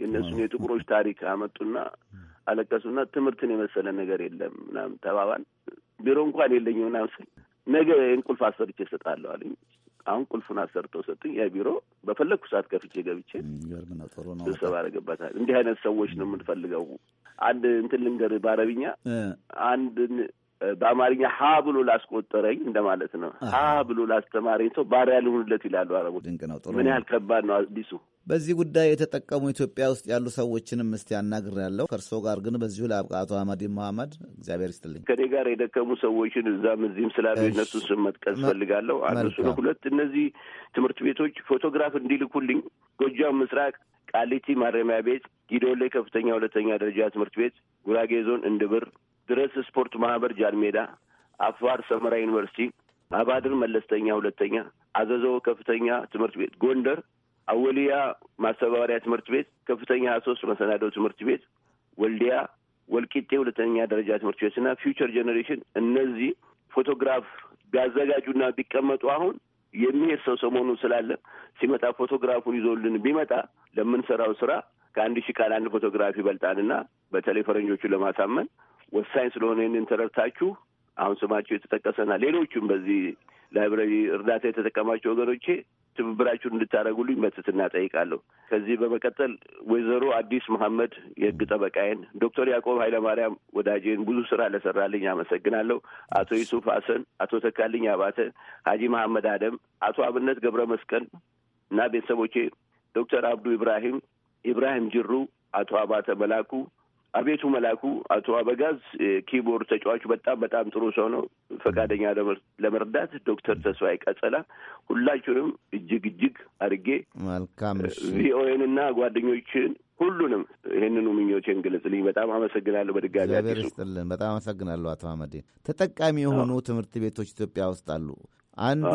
የእነሱን የጥቁሮች ታሪክ አመጡና አለቀሱና ትምህርትን የመሰለ ነገር የለም ምናምን ተባባል። ቢሮ እንኳን የለኝ ምናምን ስል ነገ እንቁልፍ አሰርቼ እሰጣለሁ አለኝ። አሁን ቁልፉን አሰርተው ሰጡኝ። ያ ቢሮ በፈለግኩ ሰዓት ከፍቼ ገብቼ ስብሰባ አደረገባታል። እንዲህ አይነት ሰዎች ነው የምንፈልገው። አንድ እንትን ልንገር በአረብኛ አንድ በአማርኛ ሀ ብሎ ላስቆጠረኝ እንደማለት ነው። ሀ ብሎ ላስተማረኝ ሰው ባሪያ ልሁንለት ይላሉ አረቦች። ምን ያህል ከባድ ነው አዲሱ በዚህ ጉዳይ የተጠቀሙ ኢትዮጵያ ውስጥ ያሉ ሰዎችንም እስቲ ያናግር ያለው ከእርስዎ ጋር ግን በዚሁ ለአብቃ አቶ አህመድ መሐመድ እግዚአብሔር ይስጥልኝ። ከኔ ጋር የደከሙ ሰዎችን እዛም እዚህም ስላሉ ስም መጥቀስ ፈልጋለሁ። አንዱ እሱ ነው። ሁለት እነዚህ ትምህርት ቤቶች ፎቶግራፍ እንዲልኩልኝ ጎጃም ምስራቅ ቃሊቲ ማረሚያ ቤት፣ ጊዶሌ ከፍተኛ ሁለተኛ ደረጃ ትምህርት ቤት፣ ጉራጌ ዞን እንድብር ድረስ ስፖርት ማህበር ጃንሜዳ፣ አፋር ሰመራ ዩኒቨርሲቲ፣ አባድር መለስተኛ ሁለተኛ፣ አዘዞ ከፍተኛ ትምህርት ቤት ጎንደር አወልያ ማስተባበሪያ ትምህርት ቤት፣ ከፍተኛ ሀያ ሶስት መሰናዶ ትምህርት ቤት፣ ወልዲያ ወልቂጤ ሁለተኛ ደረጃ ትምህርት ቤት እና ፊውቸር ጀኔሬሽን እነዚህ ፎቶግራፍ ቢያዘጋጁና ቢቀመጡ አሁን የሚሄድ ሰው ሰሞኑ ስላለ ሲመጣ ፎቶግራፉን ይዞልን ቢመጣ ለምንሰራው ስራ ከአንድ ሺህ ቃል አንድ ፎቶግራፍ ይበልጣልና በተለይ ፈረንጆቹን ለማሳመን ወሳኝ ስለሆነ ይህንን ተረድታችሁ አሁን ስማቸው የተጠቀሰና ሌሎቹም በዚህ ላይብረሪ እርዳታ የተጠቀማቸው ወገኖቼ ትብብራችሁን እንድታደርጉልኝ በትህትና ጠይቃለሁ። ከዚህ በመቀጠል ወይዘሮ አዲስ መሐመድ የህግ ጠበቃዬን፣ ዶክተር ያዕቆብ ኃይለማርያም ወዳጄን ብዙ ስራ ለሰራልኝ አመሰግናለሁ። አቶ ዩሱፍ ሀሰን፣ አቶ ተካልኝ አባተ፣ ሀጂ መሐመድ አደም፣ አቶ አብነት ገብረ መስቀል እና ቤተሰቦቼ ዶክተር አብዱ ኢብራሂም፣ ኢብራሂም ጅሩ፣ አቶ አባተ መላኩ፣ አቤቱ መላኩ አቶ አበጋዝ ኪቦርድ ተጫዋቹ በጣም በጣም ጥሩ ሰው ነው። ፈቃደኛ ለመርዳት ዶክተር ተስፋዬ ቀጸላ ሁላችሁንም እጅግ እጅግ አድርጌ መልካም ቪኦኤንና ጓደኞችን ሁሉንም ይህንኑ ምኞቴን ግለጽልኝ። በጣም አመሰግናለሁ። በድጋሚ እግዚአብሔር ይስጥልን። በጣም አመሰግናለሁ አቶ አህመዴ። ተጠቃሚ የሆኑ ትምህርት ቤቶች ኢትዮጵያ ውስጥ አሉ። አንዱ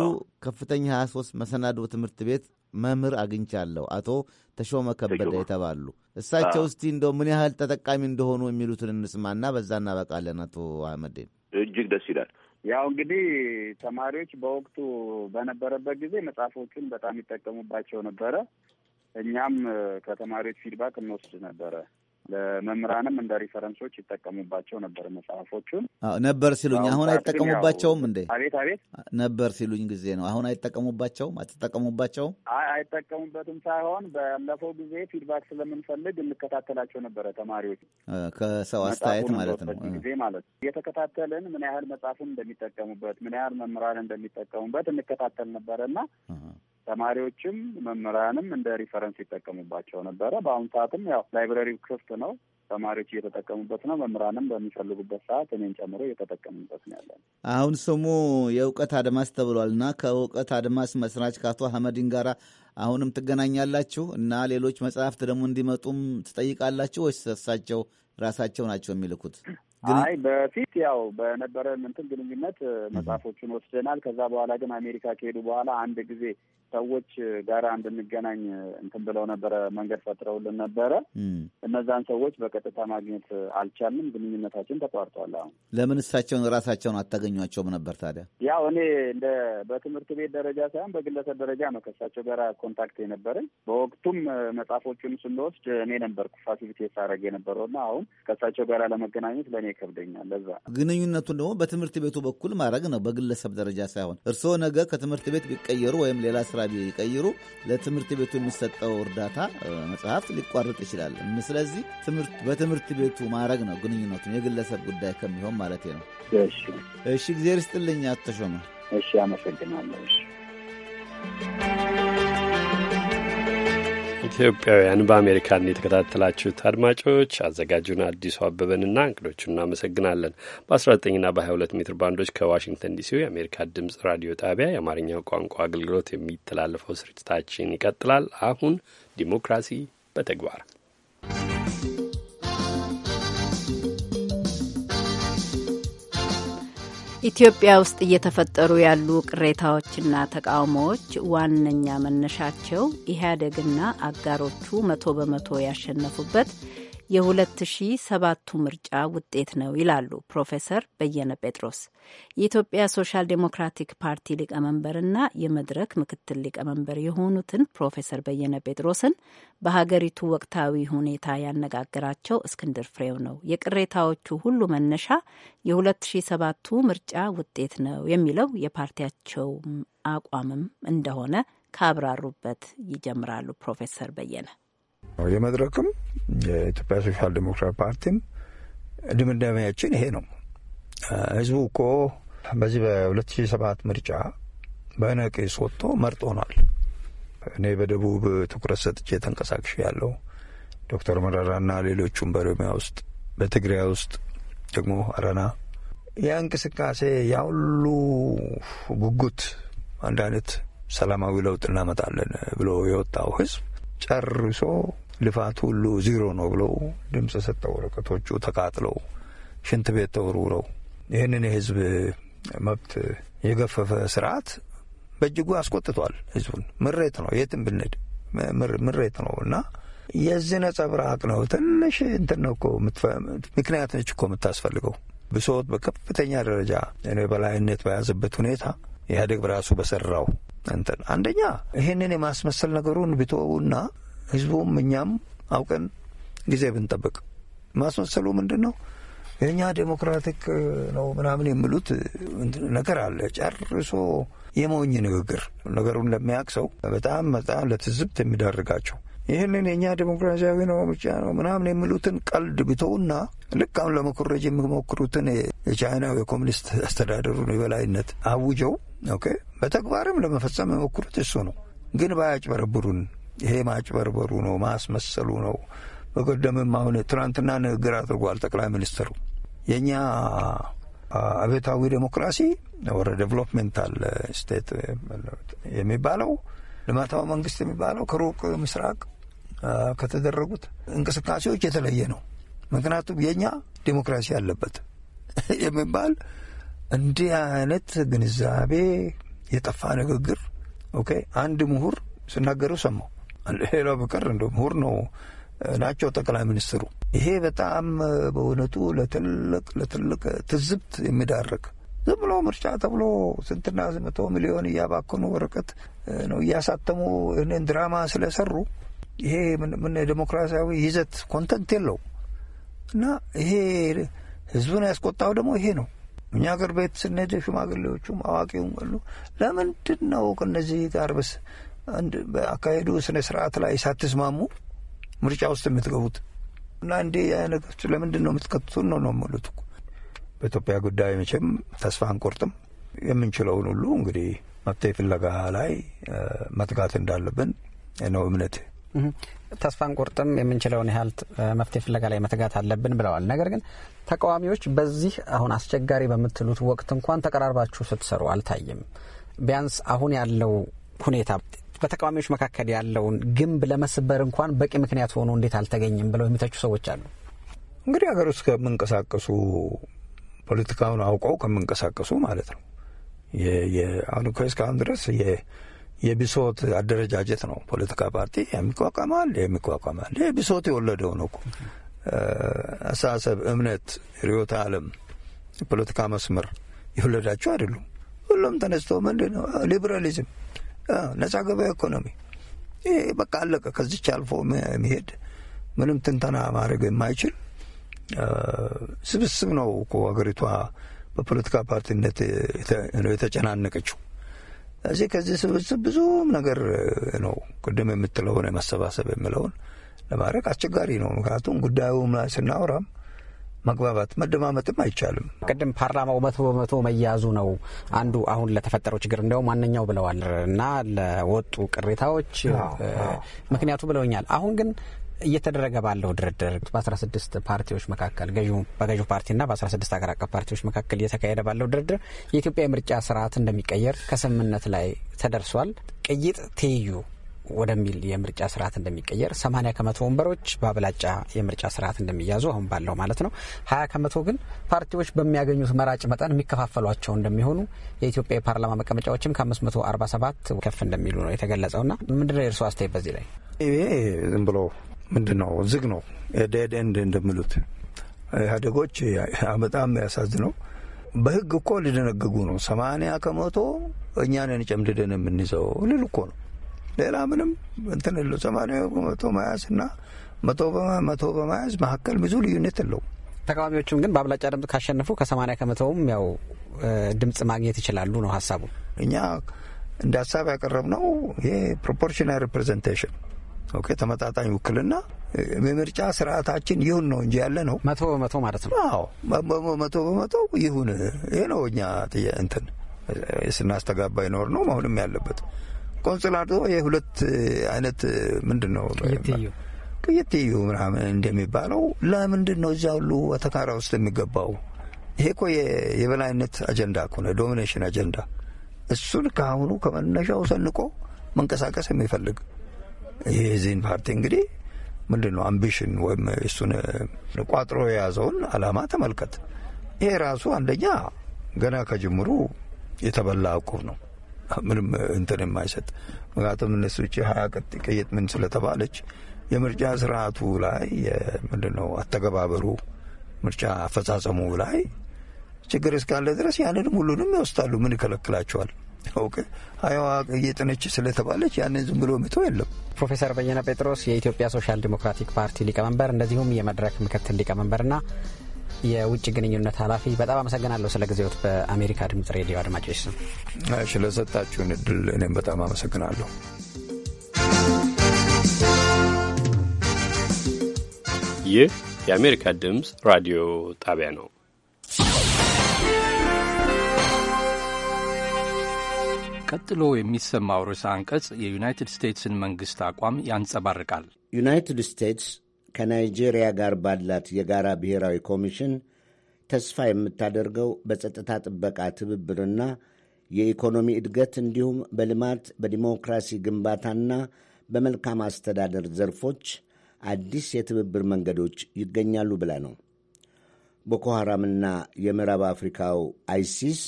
ከፍተኛ ሀያ ሶስት መሰናዶ ትምህርት ቤት መምህር አግኝቻለሁ። አቶ ተሾመ ከበደ የተባሉ እሳቸው እስቲ እንደው ምን ያህል ተጠቃሚ እንደሆኑ የሚሉትን እንስማና በዛ እናበቃለን። አቶ አህመዴን እጅግ ደስ ይላል። ያው እንግዲህ ተማሪዎች በወቅቱ በነበረበት ጊዜ መጽሐፎቹን በጣም ይጠቀሙባቸው ነበረ። እኛም ከተማሪዎች ፊድባክ እንወስድ ነበረ። ለመምህራንም እንደ ሪፈረንሶች ይጠቀሙባቸው ነበር መጽሐፎቹን ነበር ሲሉኝ። አሁን አይጠቀሙባቸውም እንዴ? አቤት አቤት። ነበር ሲሉኝ ጊዜ ነው። አሁን አይጠቀሙባቸውም አትጠቀሙባቸውም? አይ አይጠቀሙበትም ሳይሆን ባለፈው ጊዜ ፊድባክ ስለምንፈልግ እንከታተላቸው ነበረ ተማሪዎች ከሰው አስተያየት ማለት ነው ጊዜ ማለት እየተከታተልን ምን ያህል መጽሐፉን እንደሚጠቀሙበት ምን ያህል መምህራን እንደሚጠቀሙበት እንከታተል ነበረ እና ተማሪዎችም መምህራንም እንደ ሪፈረንስ ይጠቀሙባቸው ነበረ። በአሁኑ ሰዓትም ያው ላይብረሪው ክፍት ነው። ተማሪዎች እየተጠቀሙበት ነው። መምህራንም በሚፈልጉበት ሰዓት እኔን ጨምሮ እየተጠቀሙበት ነው ያለን። አሁን ስሙ የእውቀት አድማስ ተብሏል እና ከእውቀት አድማስ መስራች ከአቶ አህመዲን ጋራ አሁንም ትገናኛላችሁ እና ሌሎች መጽሐፍት ደግሞ እንዲመጡም ትጠይቃላችሁ ወይስ እሳቸው ራሳቸው ናቸው የሚልኩት? አይ በፊት ያው በነበረ እንትን ግንኙነት መጽሐፎቹን ወስደናል። ከዛ በኋላ ግን አሜሪካ ከሄዱ በኋላ አንድ ጊዜ ሰዎች ጋራ እንድንገናኝ እንትን ብለው ነበረ፣ መንገድ ፈጥረውልን ነበረ። እነዛን ሰዎች በቀጥታ ማግኘት አልቻልንም። ግንኙነታችን ተቋርጧል። አሁን ለምን እሳቸውን ራሳቸውን አታገኟቸውም ነበር ታዲያ? ያው እኔ እንደ በትምህርት ቤት ደረጃ ሳይሆን በግለሰብ ደረጃ ነው ከእሳቸው ጋር ኮንታክት የነበረኝ። በወቅቱም መጽሐፎቹን ስንወስድ እኔ ነበርኩ ፋሲሊቴት ሳረግ የነበረውና አሁን ከእሳቸው ጋር ለመገናኘት ለእኔ ይከብደኛል። ለዛ ግንኙነቱን ደግሞ በትምህርት ቤቱ በኩል ማድረግ ነው፣ በግለሰብ ደረጃ ሳይሆን። እርስዎ ነገ ከትምህርት ቤት ቢቀየሩ ወይም ሌላ ስራ ቢቀይሩ ለትምህርት ቤቱ የሚሰጠው እርዳታ መጽሐፍ ሊቋረጥ ይችላል። ስለዚህ በትምህርት ቤቱ ማድረግ ነው ግንኙነቱን፣ የግለሰብ ጉዳይ ከሚሆን ማለት ነው። እሺ፣ እሺ፣ እግዜር ይስጥልኝ ተሾመ። እሺ፣ አመሰግናለሁ። እሺ ኢትዮጵያውያን በአሜሪካን የተከታተላችሁት አድማጮች አዘጋጁን አዲሱ አበበንና እንግዶቹን እናመሰግናለን። በ19ና በ22 ሜትር ባንዶች ከዋሽንግተን ዲሲ የአሜሪካ ድምጽ ራዲዮ ጣቢያ የአማርኛው ቋንቋ አገልግሎት የሚተላለፈው ስርጭታችን ይቀጥላል። አሁን ዲሞክራሲ በተግባር ኢትዮጵያ ውስጥ እየተፈጠሩ ያሉ ቅሬታዎችና ተቃውሞዎች ዋነኛ መነሻቸው ኢህአዴግና አጋሮቹ መቶ በመቶ ያሸነፉበት የ2007ቱ ምርጫ ውጤት ነው ይላሉ ፕሮፌሰር በየነ ጴጥሮስ የኢትዮጵያ ሶሻል ዴሞክራቲክ ፓርቲ ሊቀመንበርና የመድረክ ምክትል ሊቀመንበር የሆኑትን ፕሮፌሰር በየነ ጴጥሮስን በሀገሪቱ ወቅታዊ ሁኔታ ያነጋገራቸው እስክንድር ፍሬው ነው። የቅሬታዎቹ ሁሉ መነሻ የ2007ቱ ምርጫ ውጤት ነው የሚለው የፓርቲያቸው አቋምም እንደሆነ ካብራሩበት ይጀምራሉ ፕሮፌሰር በየነ የመድረክም የኢትዮጵያ ሶሻል ዴሞክራት ፓርቲም ድምዳሜያችን ይሄ ነው። ህዝቡ እኮ በዚህ በ2007 ምርጫ በነቂስ ወጥቶ መርጦናል። እኔ በደቡብ ትኩረት ሰጥቼ ተንቀሳቅሽ ያለው ዶክተር መረራና ሌሎቹም በኦሮሚያ ውስጥ በትግራይ ውስጥ ደግሞ አረና ያ እንቅስቃሴ ያ ሁሉ ጉጉት አንድ አይነት ሰላማዊ ለውጥ እናመጣለን ብሎ የወጣው ህዝብ ጨርሶ ልፋት ሁሉ ዜሮ ነው ብለው ድምፅ ሰጠው። ወረቀቶቹ ተቃጥለው ሽንት ቤት ተወርውረው ይህንን የህዝብ መብት የገፈፈ ስርዓት በእጅጉ አስቆጥቷል። ህዝቡን ምሬት ነው፣ የትም ብንሄድ ምሬት ነው እና የዚህ ነጸብራቅ ነው። ትንሽ እንትን ነው እኮ ምክንያት ነች እኮ የምታስፈልገው። ብሶት በከፍተኛ ደረጃ እኔ በላይነት በያዘበት ሁኔታ ኢህአዴግ በራሱ በሰራው እንትን አንደኛ ይህንን የማስመሰል ነገሩን ብትወውና ህዝቡም እኛም አውቀን ጊዜ ብንጠብቅ ማስመሰሉ ምንድን ነው የእኛ ዴሞክራቲክ ነው ምናምን የሚሉት ነገር አለ። ጨርሶ የሞኝ ንግግር ነገሩን ለሚያውቅ ሰው በጣም በጣም ለትዝብት የሚዳርጋቸው ይህንን የእኛ ዴሞክራሲያዊ ነው ምርጫ ነው ምናምን የሚሉትን ቀልድ ብተውና ልክ አሁን ለመኮረጅ የሚሞክሩትን የቻይናው የኮሚኒስት አስተዳደሩን የበላይነት አውጀው በተግባርም ለመፈጸም የሞክሩት እሱ ነው። ግን ባያጭበረብሩን ይሄ ማጭበርበሩ ነው፣ ማስመሰሉ ነው። በቀደምም አሁን ትናንትና ንግግር አድርጓል ጠቅላይ ሚኒስትሩ የእኛ አብዮታዊ ዴሞክራሲ ወረ ዴቨሎፕሜንታል ስቴት የሚባለው ልማታዊ መንግስት የሚባለው ከሩቅ ምስራቅ ከተደረጉት እንቅስቃሴዎች የተለየ ነው። ምክንያቱም የእኛ ዴሞክራሲ አለበት (laughs) የሚባል እንዲህ አይነት ግንዛቤ የጠፋ ንግግር ኦኬ አንድ ምሁር ስናገረው ሰማው። ሌላ በቀር እንደ ምሁር ነው ናቸው ጠቅላይ ሚኒስትሩ። ይሄ በጣም በእውነቱ ለትልቅ ለትልቅ ትዝብት የሚዳርግ ዝም ብሎ ምርጫ ተብሎ ስንትና መቶ ሚሊዮን እያባከኑ ወረቀት ነው እያሳተሙ እኔን ድራማ ስለሰሩ ይሄ ምን ዴሞክራሲያዊ ይዘት ኮንተንት የለው እና ይሄ ህዝቡን ያስቆጣው ደግሞ ይሄ ነው። እኛ አገር ቤት ስንሄድ ሽማግሌዎቹም አዋቂውም ሁሉ ለምንድን ነው ከነዚህ ጋር በስ አንድ በአካሄዱ ስነ ስርዓት ላይ ሳትስማሙ ምርጫ ውስጥ የምትገቡት እና እንዴ ነገሮች ለምንድን ነው የምትከቱት ነው ነው የምሉት። በኢትዮጵያ ጉዳይ መቼም ተስፋ አንቆርጥም። የምንችለውን ሁሉ እንግዲህ መፍትሄ ፍለጋ ላይ መትጋት እንዳለብን ነው እምነት። ተስፋ አንቆርጥም፣ የምንችለውን ያህል መፍትሄ ፍለጋ ላይ መትጋት አለብን ብለዋል። ነገር ግን ተቃዋሚዎች በዚህ አሁን አስቸጋሪ በምትሉት ወቅት እንኳን ተቀራርባችሁ ስትሰሩ አልታይም። ቢያንስ አሁን ያለው ሁኔታ በተቃዋሚዎች መካከል ያለውን ግንብ ለመስበር እንኳን በቂ ምክንያት ሆኖ እንዴት አልተገኘም ብለው የሚተቹ ሰዎች አሉ። እንግዲህ ሀገር ውስጥ ከምንቀሳቀሱ ፖለቲካውን አውቀው ከምንቀሳቀሱ ማለት ነው። አሁን እስካሁን ድረስ የቢሶት አደረጃጀት ነው። ፖለቲካ ፓርቲ የሚቋቋማል የሚቋቋማል የቢሶት የወለደው ነው አስተሳሰብ፣ እምነት፣ ርዕዮተ ዓለም፣ የፖለቲካ መስመር የወለዳቸው አይደሉም። ሁሉም ተነስቶ ምንድን ነው ሊበራሊዝም ነጻ ገበያ ኢኮኖሚ በቃ አለቀ። ከዚች አልፎ መሄድ ምንም ትንተና ማድረግ የማይችል ስብስብ ነው እኮ ሀገሪቷ በፖለቲካ ፓርቲነት የተጨናነቀችው። እዚህ ከዚህ ስብስብ ብዙም ነገር ነው ቅድም የምትለውን የመሰባሰብ የምለውን ለማድረግ አስቸጋሪ ነው። ምክንያቱም ጉዳዩም ላይ ስናወራም መግባባት መደማመጥም አይቻልም። ቅድም ፓርላማው መቶ በመቶ መያዙ ነው አንዱ አሁን ለተፈጠረው ችግር እንዲያውም ዋነኛው ብለዋል እና ለወጡ ቅሬታዎች ምክንያቱ ብለውኛል። አሁን ግን እየተደረገ ባለው ድርድር በ16 ፓርቲዎች መካከል በገዢው ፓርቲና በ16 ሀገር አቀፍ ፓርቲዎች መካከል እየተካሄደ ባለው ድርድር የኢትዮጵያ የምርጫ ስርዓት እንደሚቀየር ከስምምነት ላይ ተደርሷል። ቅይጥ ትይዩ ወደሚል የምርጫ ስርዓት እንደሚቀየር፣ ሰማኒያ ከመቶ ወንበሮች በአብላጫ የምርጫ ስርዓት እንደሚያዙ አሁን ባለው ማለት ነው። 20 ከመቶ ግን ፓርቲዎች በሚያገኙት መራጭ መጠን የሚከፋፈሏቸው እንደሚሆኑ የኢትዮጵያ የፓርላማ መቀመጫዎችም ከ547 ከፍ እንደሚሉ ነው የተገለጸው። ና ምንድነው የእርስዎ አስተያየት በዚህ ላይ? ይሄ ዝም ብሎ ምንድን ነው ዝግ ነው ዴድ ኤንድ እንደሚሉት ኢህአዴጎች በጣም የሚያሳዝነው በህግ እኮ ሊደነግጉ ነው። ሰማንያ ከመቶ እኛንን ጨምድደን የምንይዘው ልል እኮ ነው ሌላ ምንም እንትን የለው። ሰማንያ በመቶ መያዝ እና መቶ በመቶ በመያዝ መካከል ብዙ ልዩነት የለው። ተቃዋሚዎቹም ግን በአብላጫ ድምጽ ካሸነፉ ከሰማንያ ከመቶውም ያው ድምጽ ማግኘት ይችላሉ ነው ሀሳቡ። እኛ እንደ ሀሳብ ያቀረብነው ይሄ ፕሮፖርሽናል ሪፕሬዘንቴሽን ኦኬ፣ ተመጣጣኝ ውክልና የምርጫ ስርዓታችን ይሁን ነው እንጂ ያለ ነው መቶ በመቶ ማለት ነው። አዎ መቶ በመቶ ይሁን። ይሄ ነው እኛ እንትን ስናስተጋባ ይኖር ነው መሆንም ያለበት ቆንጽላቶ የሁለት አይነት ምንድን ነው ቅይትዩ ምናምን እንደሚባለው ለምንድን ነው እዚያ ሁሉ ተካራ ውስጥ የሚገባው? ይሄ እኮ የበላይነት አጀንዳ እኮ ነው፣ ዶሚኔሽን አጀንዳ። እሱን ከአሁኑ ከመነሻው ሰንቆ መንቀሳቀስ የሚፈልግ ይሄ ዚህን ፓርቲ እንግዲህ ምንድን ነው አምቢሽን ወይም እሱን ቋጥሮ የያዘውን አላማ ተመልከት። ይሄ ራሱ አንደኛ ገና ከጅምሩ የተበላ እቁብ ነው። ምንም እንትን የማይሰጥ ምክንያቱም እነሱ ች ሀያ ቅይጥ ምን ስለተባለች የምርጫ ስርዓቱ ላይ ምንድነው አተገባበሩ ምርጫ አፈጻጸሙ ላይ ችግር እስካለ ድረስ ያንንም ሁሉንም ይወስዳሉ። ምን ይከለክላቸዋል? ኦኬ ሀያዋ ቅይጥ ስለተባለች ያንን ዝም ብሎ ምቶ የለም። ፕሮፌሰር በየነ ጴጥሮስ የኢትዮጵያ ሶሻል ዲሞክራቲክ ፓርቲ ሊቀመንበር እንደዚሁም የመድረክ ምክትል ሊቀመንበርና የውጭ ግንኙነት ኃላፊ በጣም አመሰግናለሁ ስለ ጊዜዎት። በአሜሪካ ድምጽ ሬዲዮ አድማጮች ስም ስለሰጣችሁን እድል እኔም በጣም አመሰግናለሁ። ይህ የአሜሪካ ድምፅ ራዲዮ ጣቢያ ነው። ቀጥሎ የሚሰማው ርዕሰ አንቀጽ የዩናይትድ ስቴትስን መንግሥት አቋም ያንጸባርቃል። ዩናይትድ ስቴትስ ከናይጄሪያ ጋር ባላት የጋራ ብሔራዊ ኮሚሽን ተስፋ የምታደርገው በጸጥታ ጥበቃ ትብብርና የኢኮኖሚ እድገት እንዲሁም በልማት በዲሞክራሲ ግንባታና በመልካም አስተዳደር ዘርፎች አዲስ የትብብር መንገዶች ይገኛሉ ብላ ነው። ቦኮ ሐራምና የምዕራብ አፍሪካው አይሲስ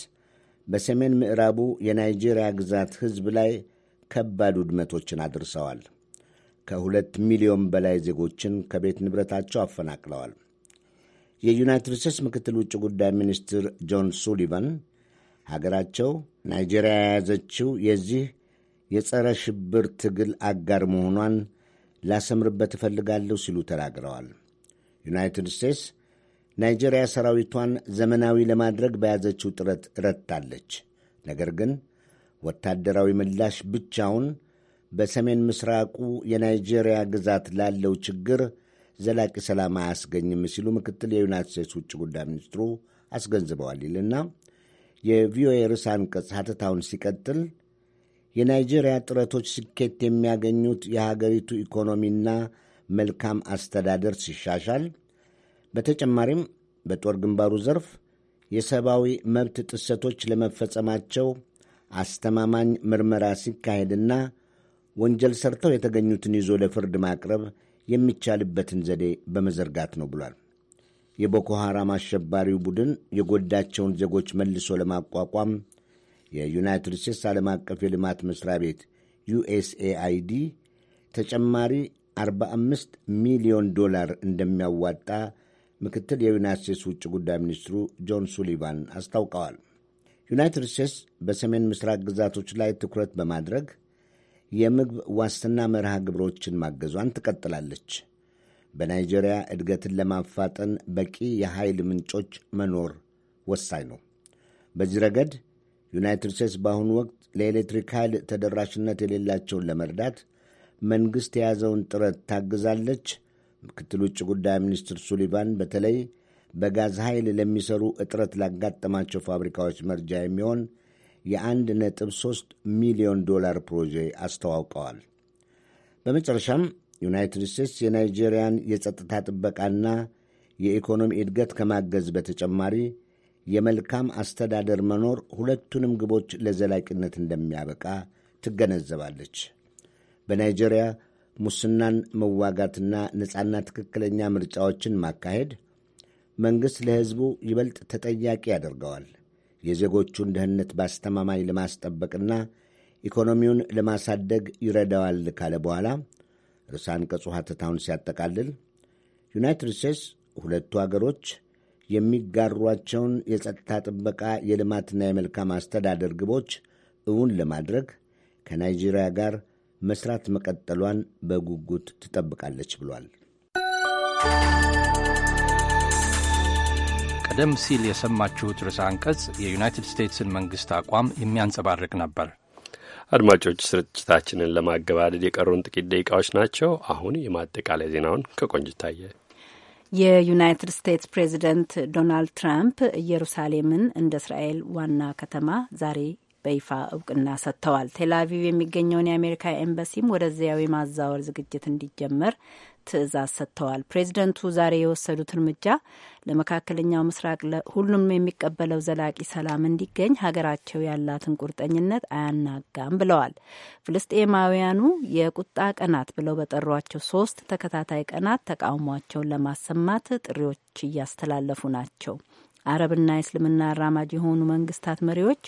በሰሜን ምዕራቡ የናይጄሪያ ግዛት ሕዝብ ላይ ከባድ ውድመቶችን አድርሰዋል። ከሁለት ሚሊዮን በላይ ዜጎችን ከቤት ንብረታቸው አፈናቅለዋል። የዩናይትድ ስቴትስ ምክትል ውጭ ጉዳይ ሚኒስትር ጆን ሱሊቫን ሀገራቸው ናይጄሪያ የያዘችው የዚህ የጸረ ሽብር ትግል አጋር መሆኗን ላሰምርበት እፈልጋለሁ ሲሉ ተናግረዋል። ዩናይትድ ስቴትስ ናይጄሪያ ሰራዊቷን ዘመናዊ ለማድረግ በያዘችው ጥረት ረድታለች። ነገር ግን ወታደራዊ ምላሽ ብቻውን በሰሜን ምስራቁ የናይጄሪያ ግዛት ላለው ችግር ዘላቂ ሰላም አያስገኝም ሲሉ ምክትል የዩናይት ስቴትስ ውጭ ጉዳይ ሚኒስትሩ አስገንዝበዋል ይልና የቪኦኤ ርዕሰ አንቀጽ ሀተታውን ሲቀጥል የናይጄሪያ ጥረቶች ስኬት የሚያገኙት የሀገሪቱ ኢኮኖሚና መልካም አስተዳደር ሲሻሻል፣ በተጨማሪም በጦር ግንባሩ ዘርፍ የሰብአዊ መብት ጥሰቶች ለመፈጸማቸው አስተማማኝ ምርመራ ሲካሄድና ወንጀል ሰርተው የተገኙትን ይዞ ለፍርድ ማቅረብ የሚቻልበትን ዘዴ በመዘርጋት ነው ብሏል። የቦኮ ሐራም አሸባሪው ቡድን የጎዳቸውን ዜጎች መልሶ ለማቋቋም የዩናይትድ ስቴትስ ዓለም አቀፍ የልማት መሥሪያ ቤት ዩኤስኤአይዲ ተጨማሪ 45 ሚሊዮን ዶላር እንደሚያዋጣ ምክትል የዩናይትድ ስቴትስ ውጭ ጉዳይ ሚኒስትሩ ጆን ሱሊቫን አስታውቀዋል። ዩናይትድ ስቴትስ በሰሜን ምስራቅ ግዛቶች ላይ ትኩረት በማድረግ የምግብ ዋስትና መርሃ ግብሮችን ማገዟን ትቀጥላለች። በናይጄሪያ እድገትን ለማፋጠን በቂ የኃይል ምንጮች መኖር ወሳኝ ነው። በዚህ ረገድ ዩናይትድ ስቴትስ በአሁኑ ወቅት ለኤሌክትሪክ ኃይል ተደራሽነት የሌላቸውን ለመርዳት መንግሥት የያዘውን ጥረት ታግዛለች። ምክትል ውጭ ጉዳይ ሚኒስትር ሱሊቫን በተለይ በጋዝ ኃይል ለሚሰሩ እጥረት ላጋጠማቸው ፋብሪካዎች መርጃ የሚሆን የአንድ ነጥብ ሦስት ሚሊዮን ዶላር ፕሮጄ አስተዋውቀዋል። በመጨረሻም ዩናይትድ ስቴትስ የናይጄሪያን የጸጥታ ጥበቃና የኢኮኖሚ እድገት ከማገዝ በተጨማሪ የመልካም አስተዳደር መኖር ሁለቱንም ግቦች ለዘላቂነት እንደሚያበቃ ትገነዘባለች። በናይጄሪያ ሙስናን መዋጋትና ነፃና ትክክለኛ ምርጫዎችን ማካሄድ መንግሥት ለሕዝቡ ይበልጥ ተጠያቂ ያደርገዋል። የዜጎቹን ደህንነት በአስተማማኝ ለማስጠበቅና ኢኮኖሚውን ለማሳደግ ይረዳዋል ካለ በኋላ ርዕሰ አንቀጹ ሐተታውን ሲያጠቃልል ዩናይትድ ስቴትስ ሁለቱ አገሮች የሚጋሯቸውን የጸጥታ ጥበቃ፣ የልማትና የመልካም አስተዳደር ግቦች እውን ለማድረግ ከናይጄሪያ ጋር መስራት መቀጠሏን በጉጉት ትጠብቃለች ብሏል። ቀደም ሲል የሰማችሁት ርዕሰ አንቀጽ የዩናይትድ ስቴትስን መንግስት አቋም የሚያንጸባርቅ ነበር። አድማጮች፣ ስርጭታችንን ለማገባደድ የቀሩን ጥቂት ደቂቃዎች ናቸው። አሁን የማጠቃለያ ዜናውን ከቆንጅታየ የዩናይትድ ስቴትስ ፕሬዚደንት ዶናልድ ትራምፕ ኢየሩሳሌምን እንደ እስራኤል ዋና ከተማ ዛሬ በይፋ እውቅና ሰጥተዋል። ቴላቪቭ የሚገኘውን የአሜሪካ ኤምባሲም ወደዚያው የማዛወር ዝግጅት እንዲጀመር ትዕዛዝ ሰጥተዋል። ፕሬዚደንቱ ዛሬ የወሰዱት እርምጃ ለመካከለኛው ምስራቅ ሁሉም የሚቀበለው ዘላቂ ሰላም እንዲገኝ ሀገራቸው ያላትን ቁርጠኝነት አያናጋም ብለዋል። ፍልስጤማውያኑ የቁጣ ቀናት ብለው በጠሯቸው ሶስት ተከታታይ ቀናት ተቃውሟቸውን ለማሰማት ጥሪዎች እያስተላለፉ ናቸው። አረብና የእስልምና አራማጅ የሆኑ መንግስታት መሪዎች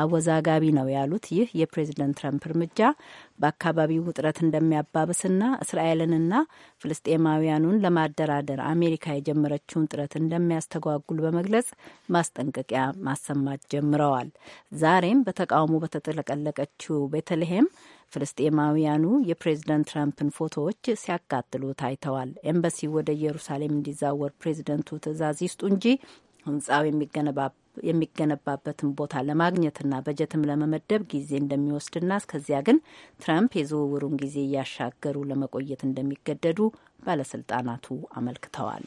አወዛጋቢ ነው ያሉት ይህ የፕሬዝደንት ትራምፕ እርምጃ በአካባቢው ውጥረት እንደሚያባብስና እስራኤልንና ፍልስጤማውያኑን ለማደራደር አሜሪካ የጀመረችውን ጥረት እንደሚያስተጓጉል በመግለጽ ማስጠንቀቂያ ማሰማት ጀምረዋል። ዛሬም በተቃውሞ በተጠለቀለቀችው ቤተልሔም ፍልስጤማውያኑ የፕሬዝደንት ትራምፕን ፎቶዎች ሲያቃጥሉ ታይተዋል። ኤምባሲው ወደ ኢየሩሳሌም እንዲዛወር ፕሬዝደንቱ ትዕዛዝ ይስጡ እንጂ ህንጻው የሚገነባበትን ቦታ ለማግኘትና በጀትም ለመመደብ ጊዜ እንደሚወስድና እስከዚያ ግን ትራምፕ የዝውውሩን ጊዜ እያሻገሩ ለመቆየት እንደሚገደዱ ባለስልጣናቱ አመልክተዋል።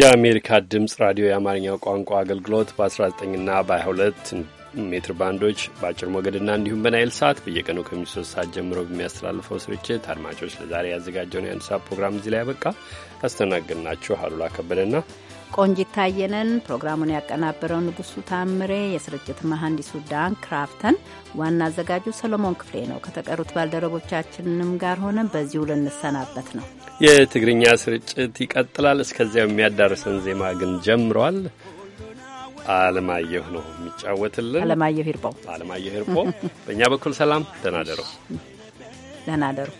የአሜሪካ ድምፅ ራዲዮ የአማርኛው ቋንቋ አገልግሎት በ19ና በ22 ሜትር ባንዶች በአጭር ሞገድና እንዲሁም በናይል ሰዓት በየቀኑ ከምሽቱ ሰዓት ጀምሮ በሚያስተላልፈው ስርጭት አድማጮች ለዛሬ ያዘጋጀውን የአንድ ሰዓት ፕሮግራም እዚህ ላይ ያበቃ። ያስተናግድናችሁ አሉላ ከበደና ቆንጂት ታየነን። ፕሮግራሙን ያቀናበረው ንጉሱ ታምሬ፣ የስርጭት መሐንዲሱ ዳን ክራፍተን፣ ዋና አዘጋጁ ሰሎሞን ክፍሌ ነው። ከተቀሩት ባልደረቦቻችንም ጋር ሆነን በዚሁ ልንሰናበት ነው። የትግርኛ ስርጭት ይቀጥላል። እስከዚያው የሚያዳርሰን ዜማ ግን ጀምሯል። አለማየሁ ነው የሚጫወትልን። አለማየሁ ይርባው፣ አለማየሁ ይርባው። በእኛ በኩል ሰላም፣ ደህና ደሩ፣ ደህና ደሩ።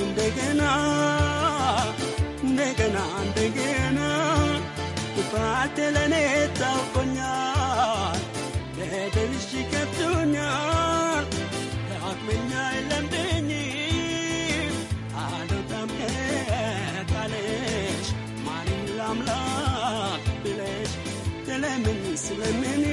እንደገና እንደገና እንደገና ባቴ ለኔ ታውቆኛል and in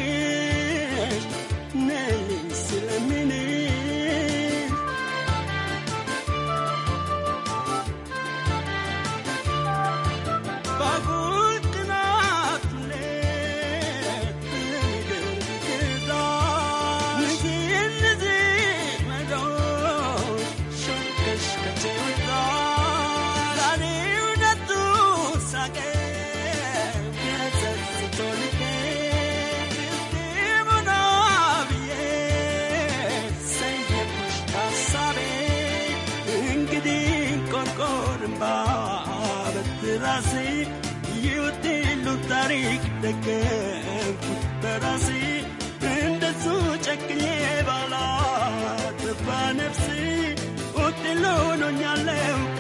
ሁሉ ሆኖኛለው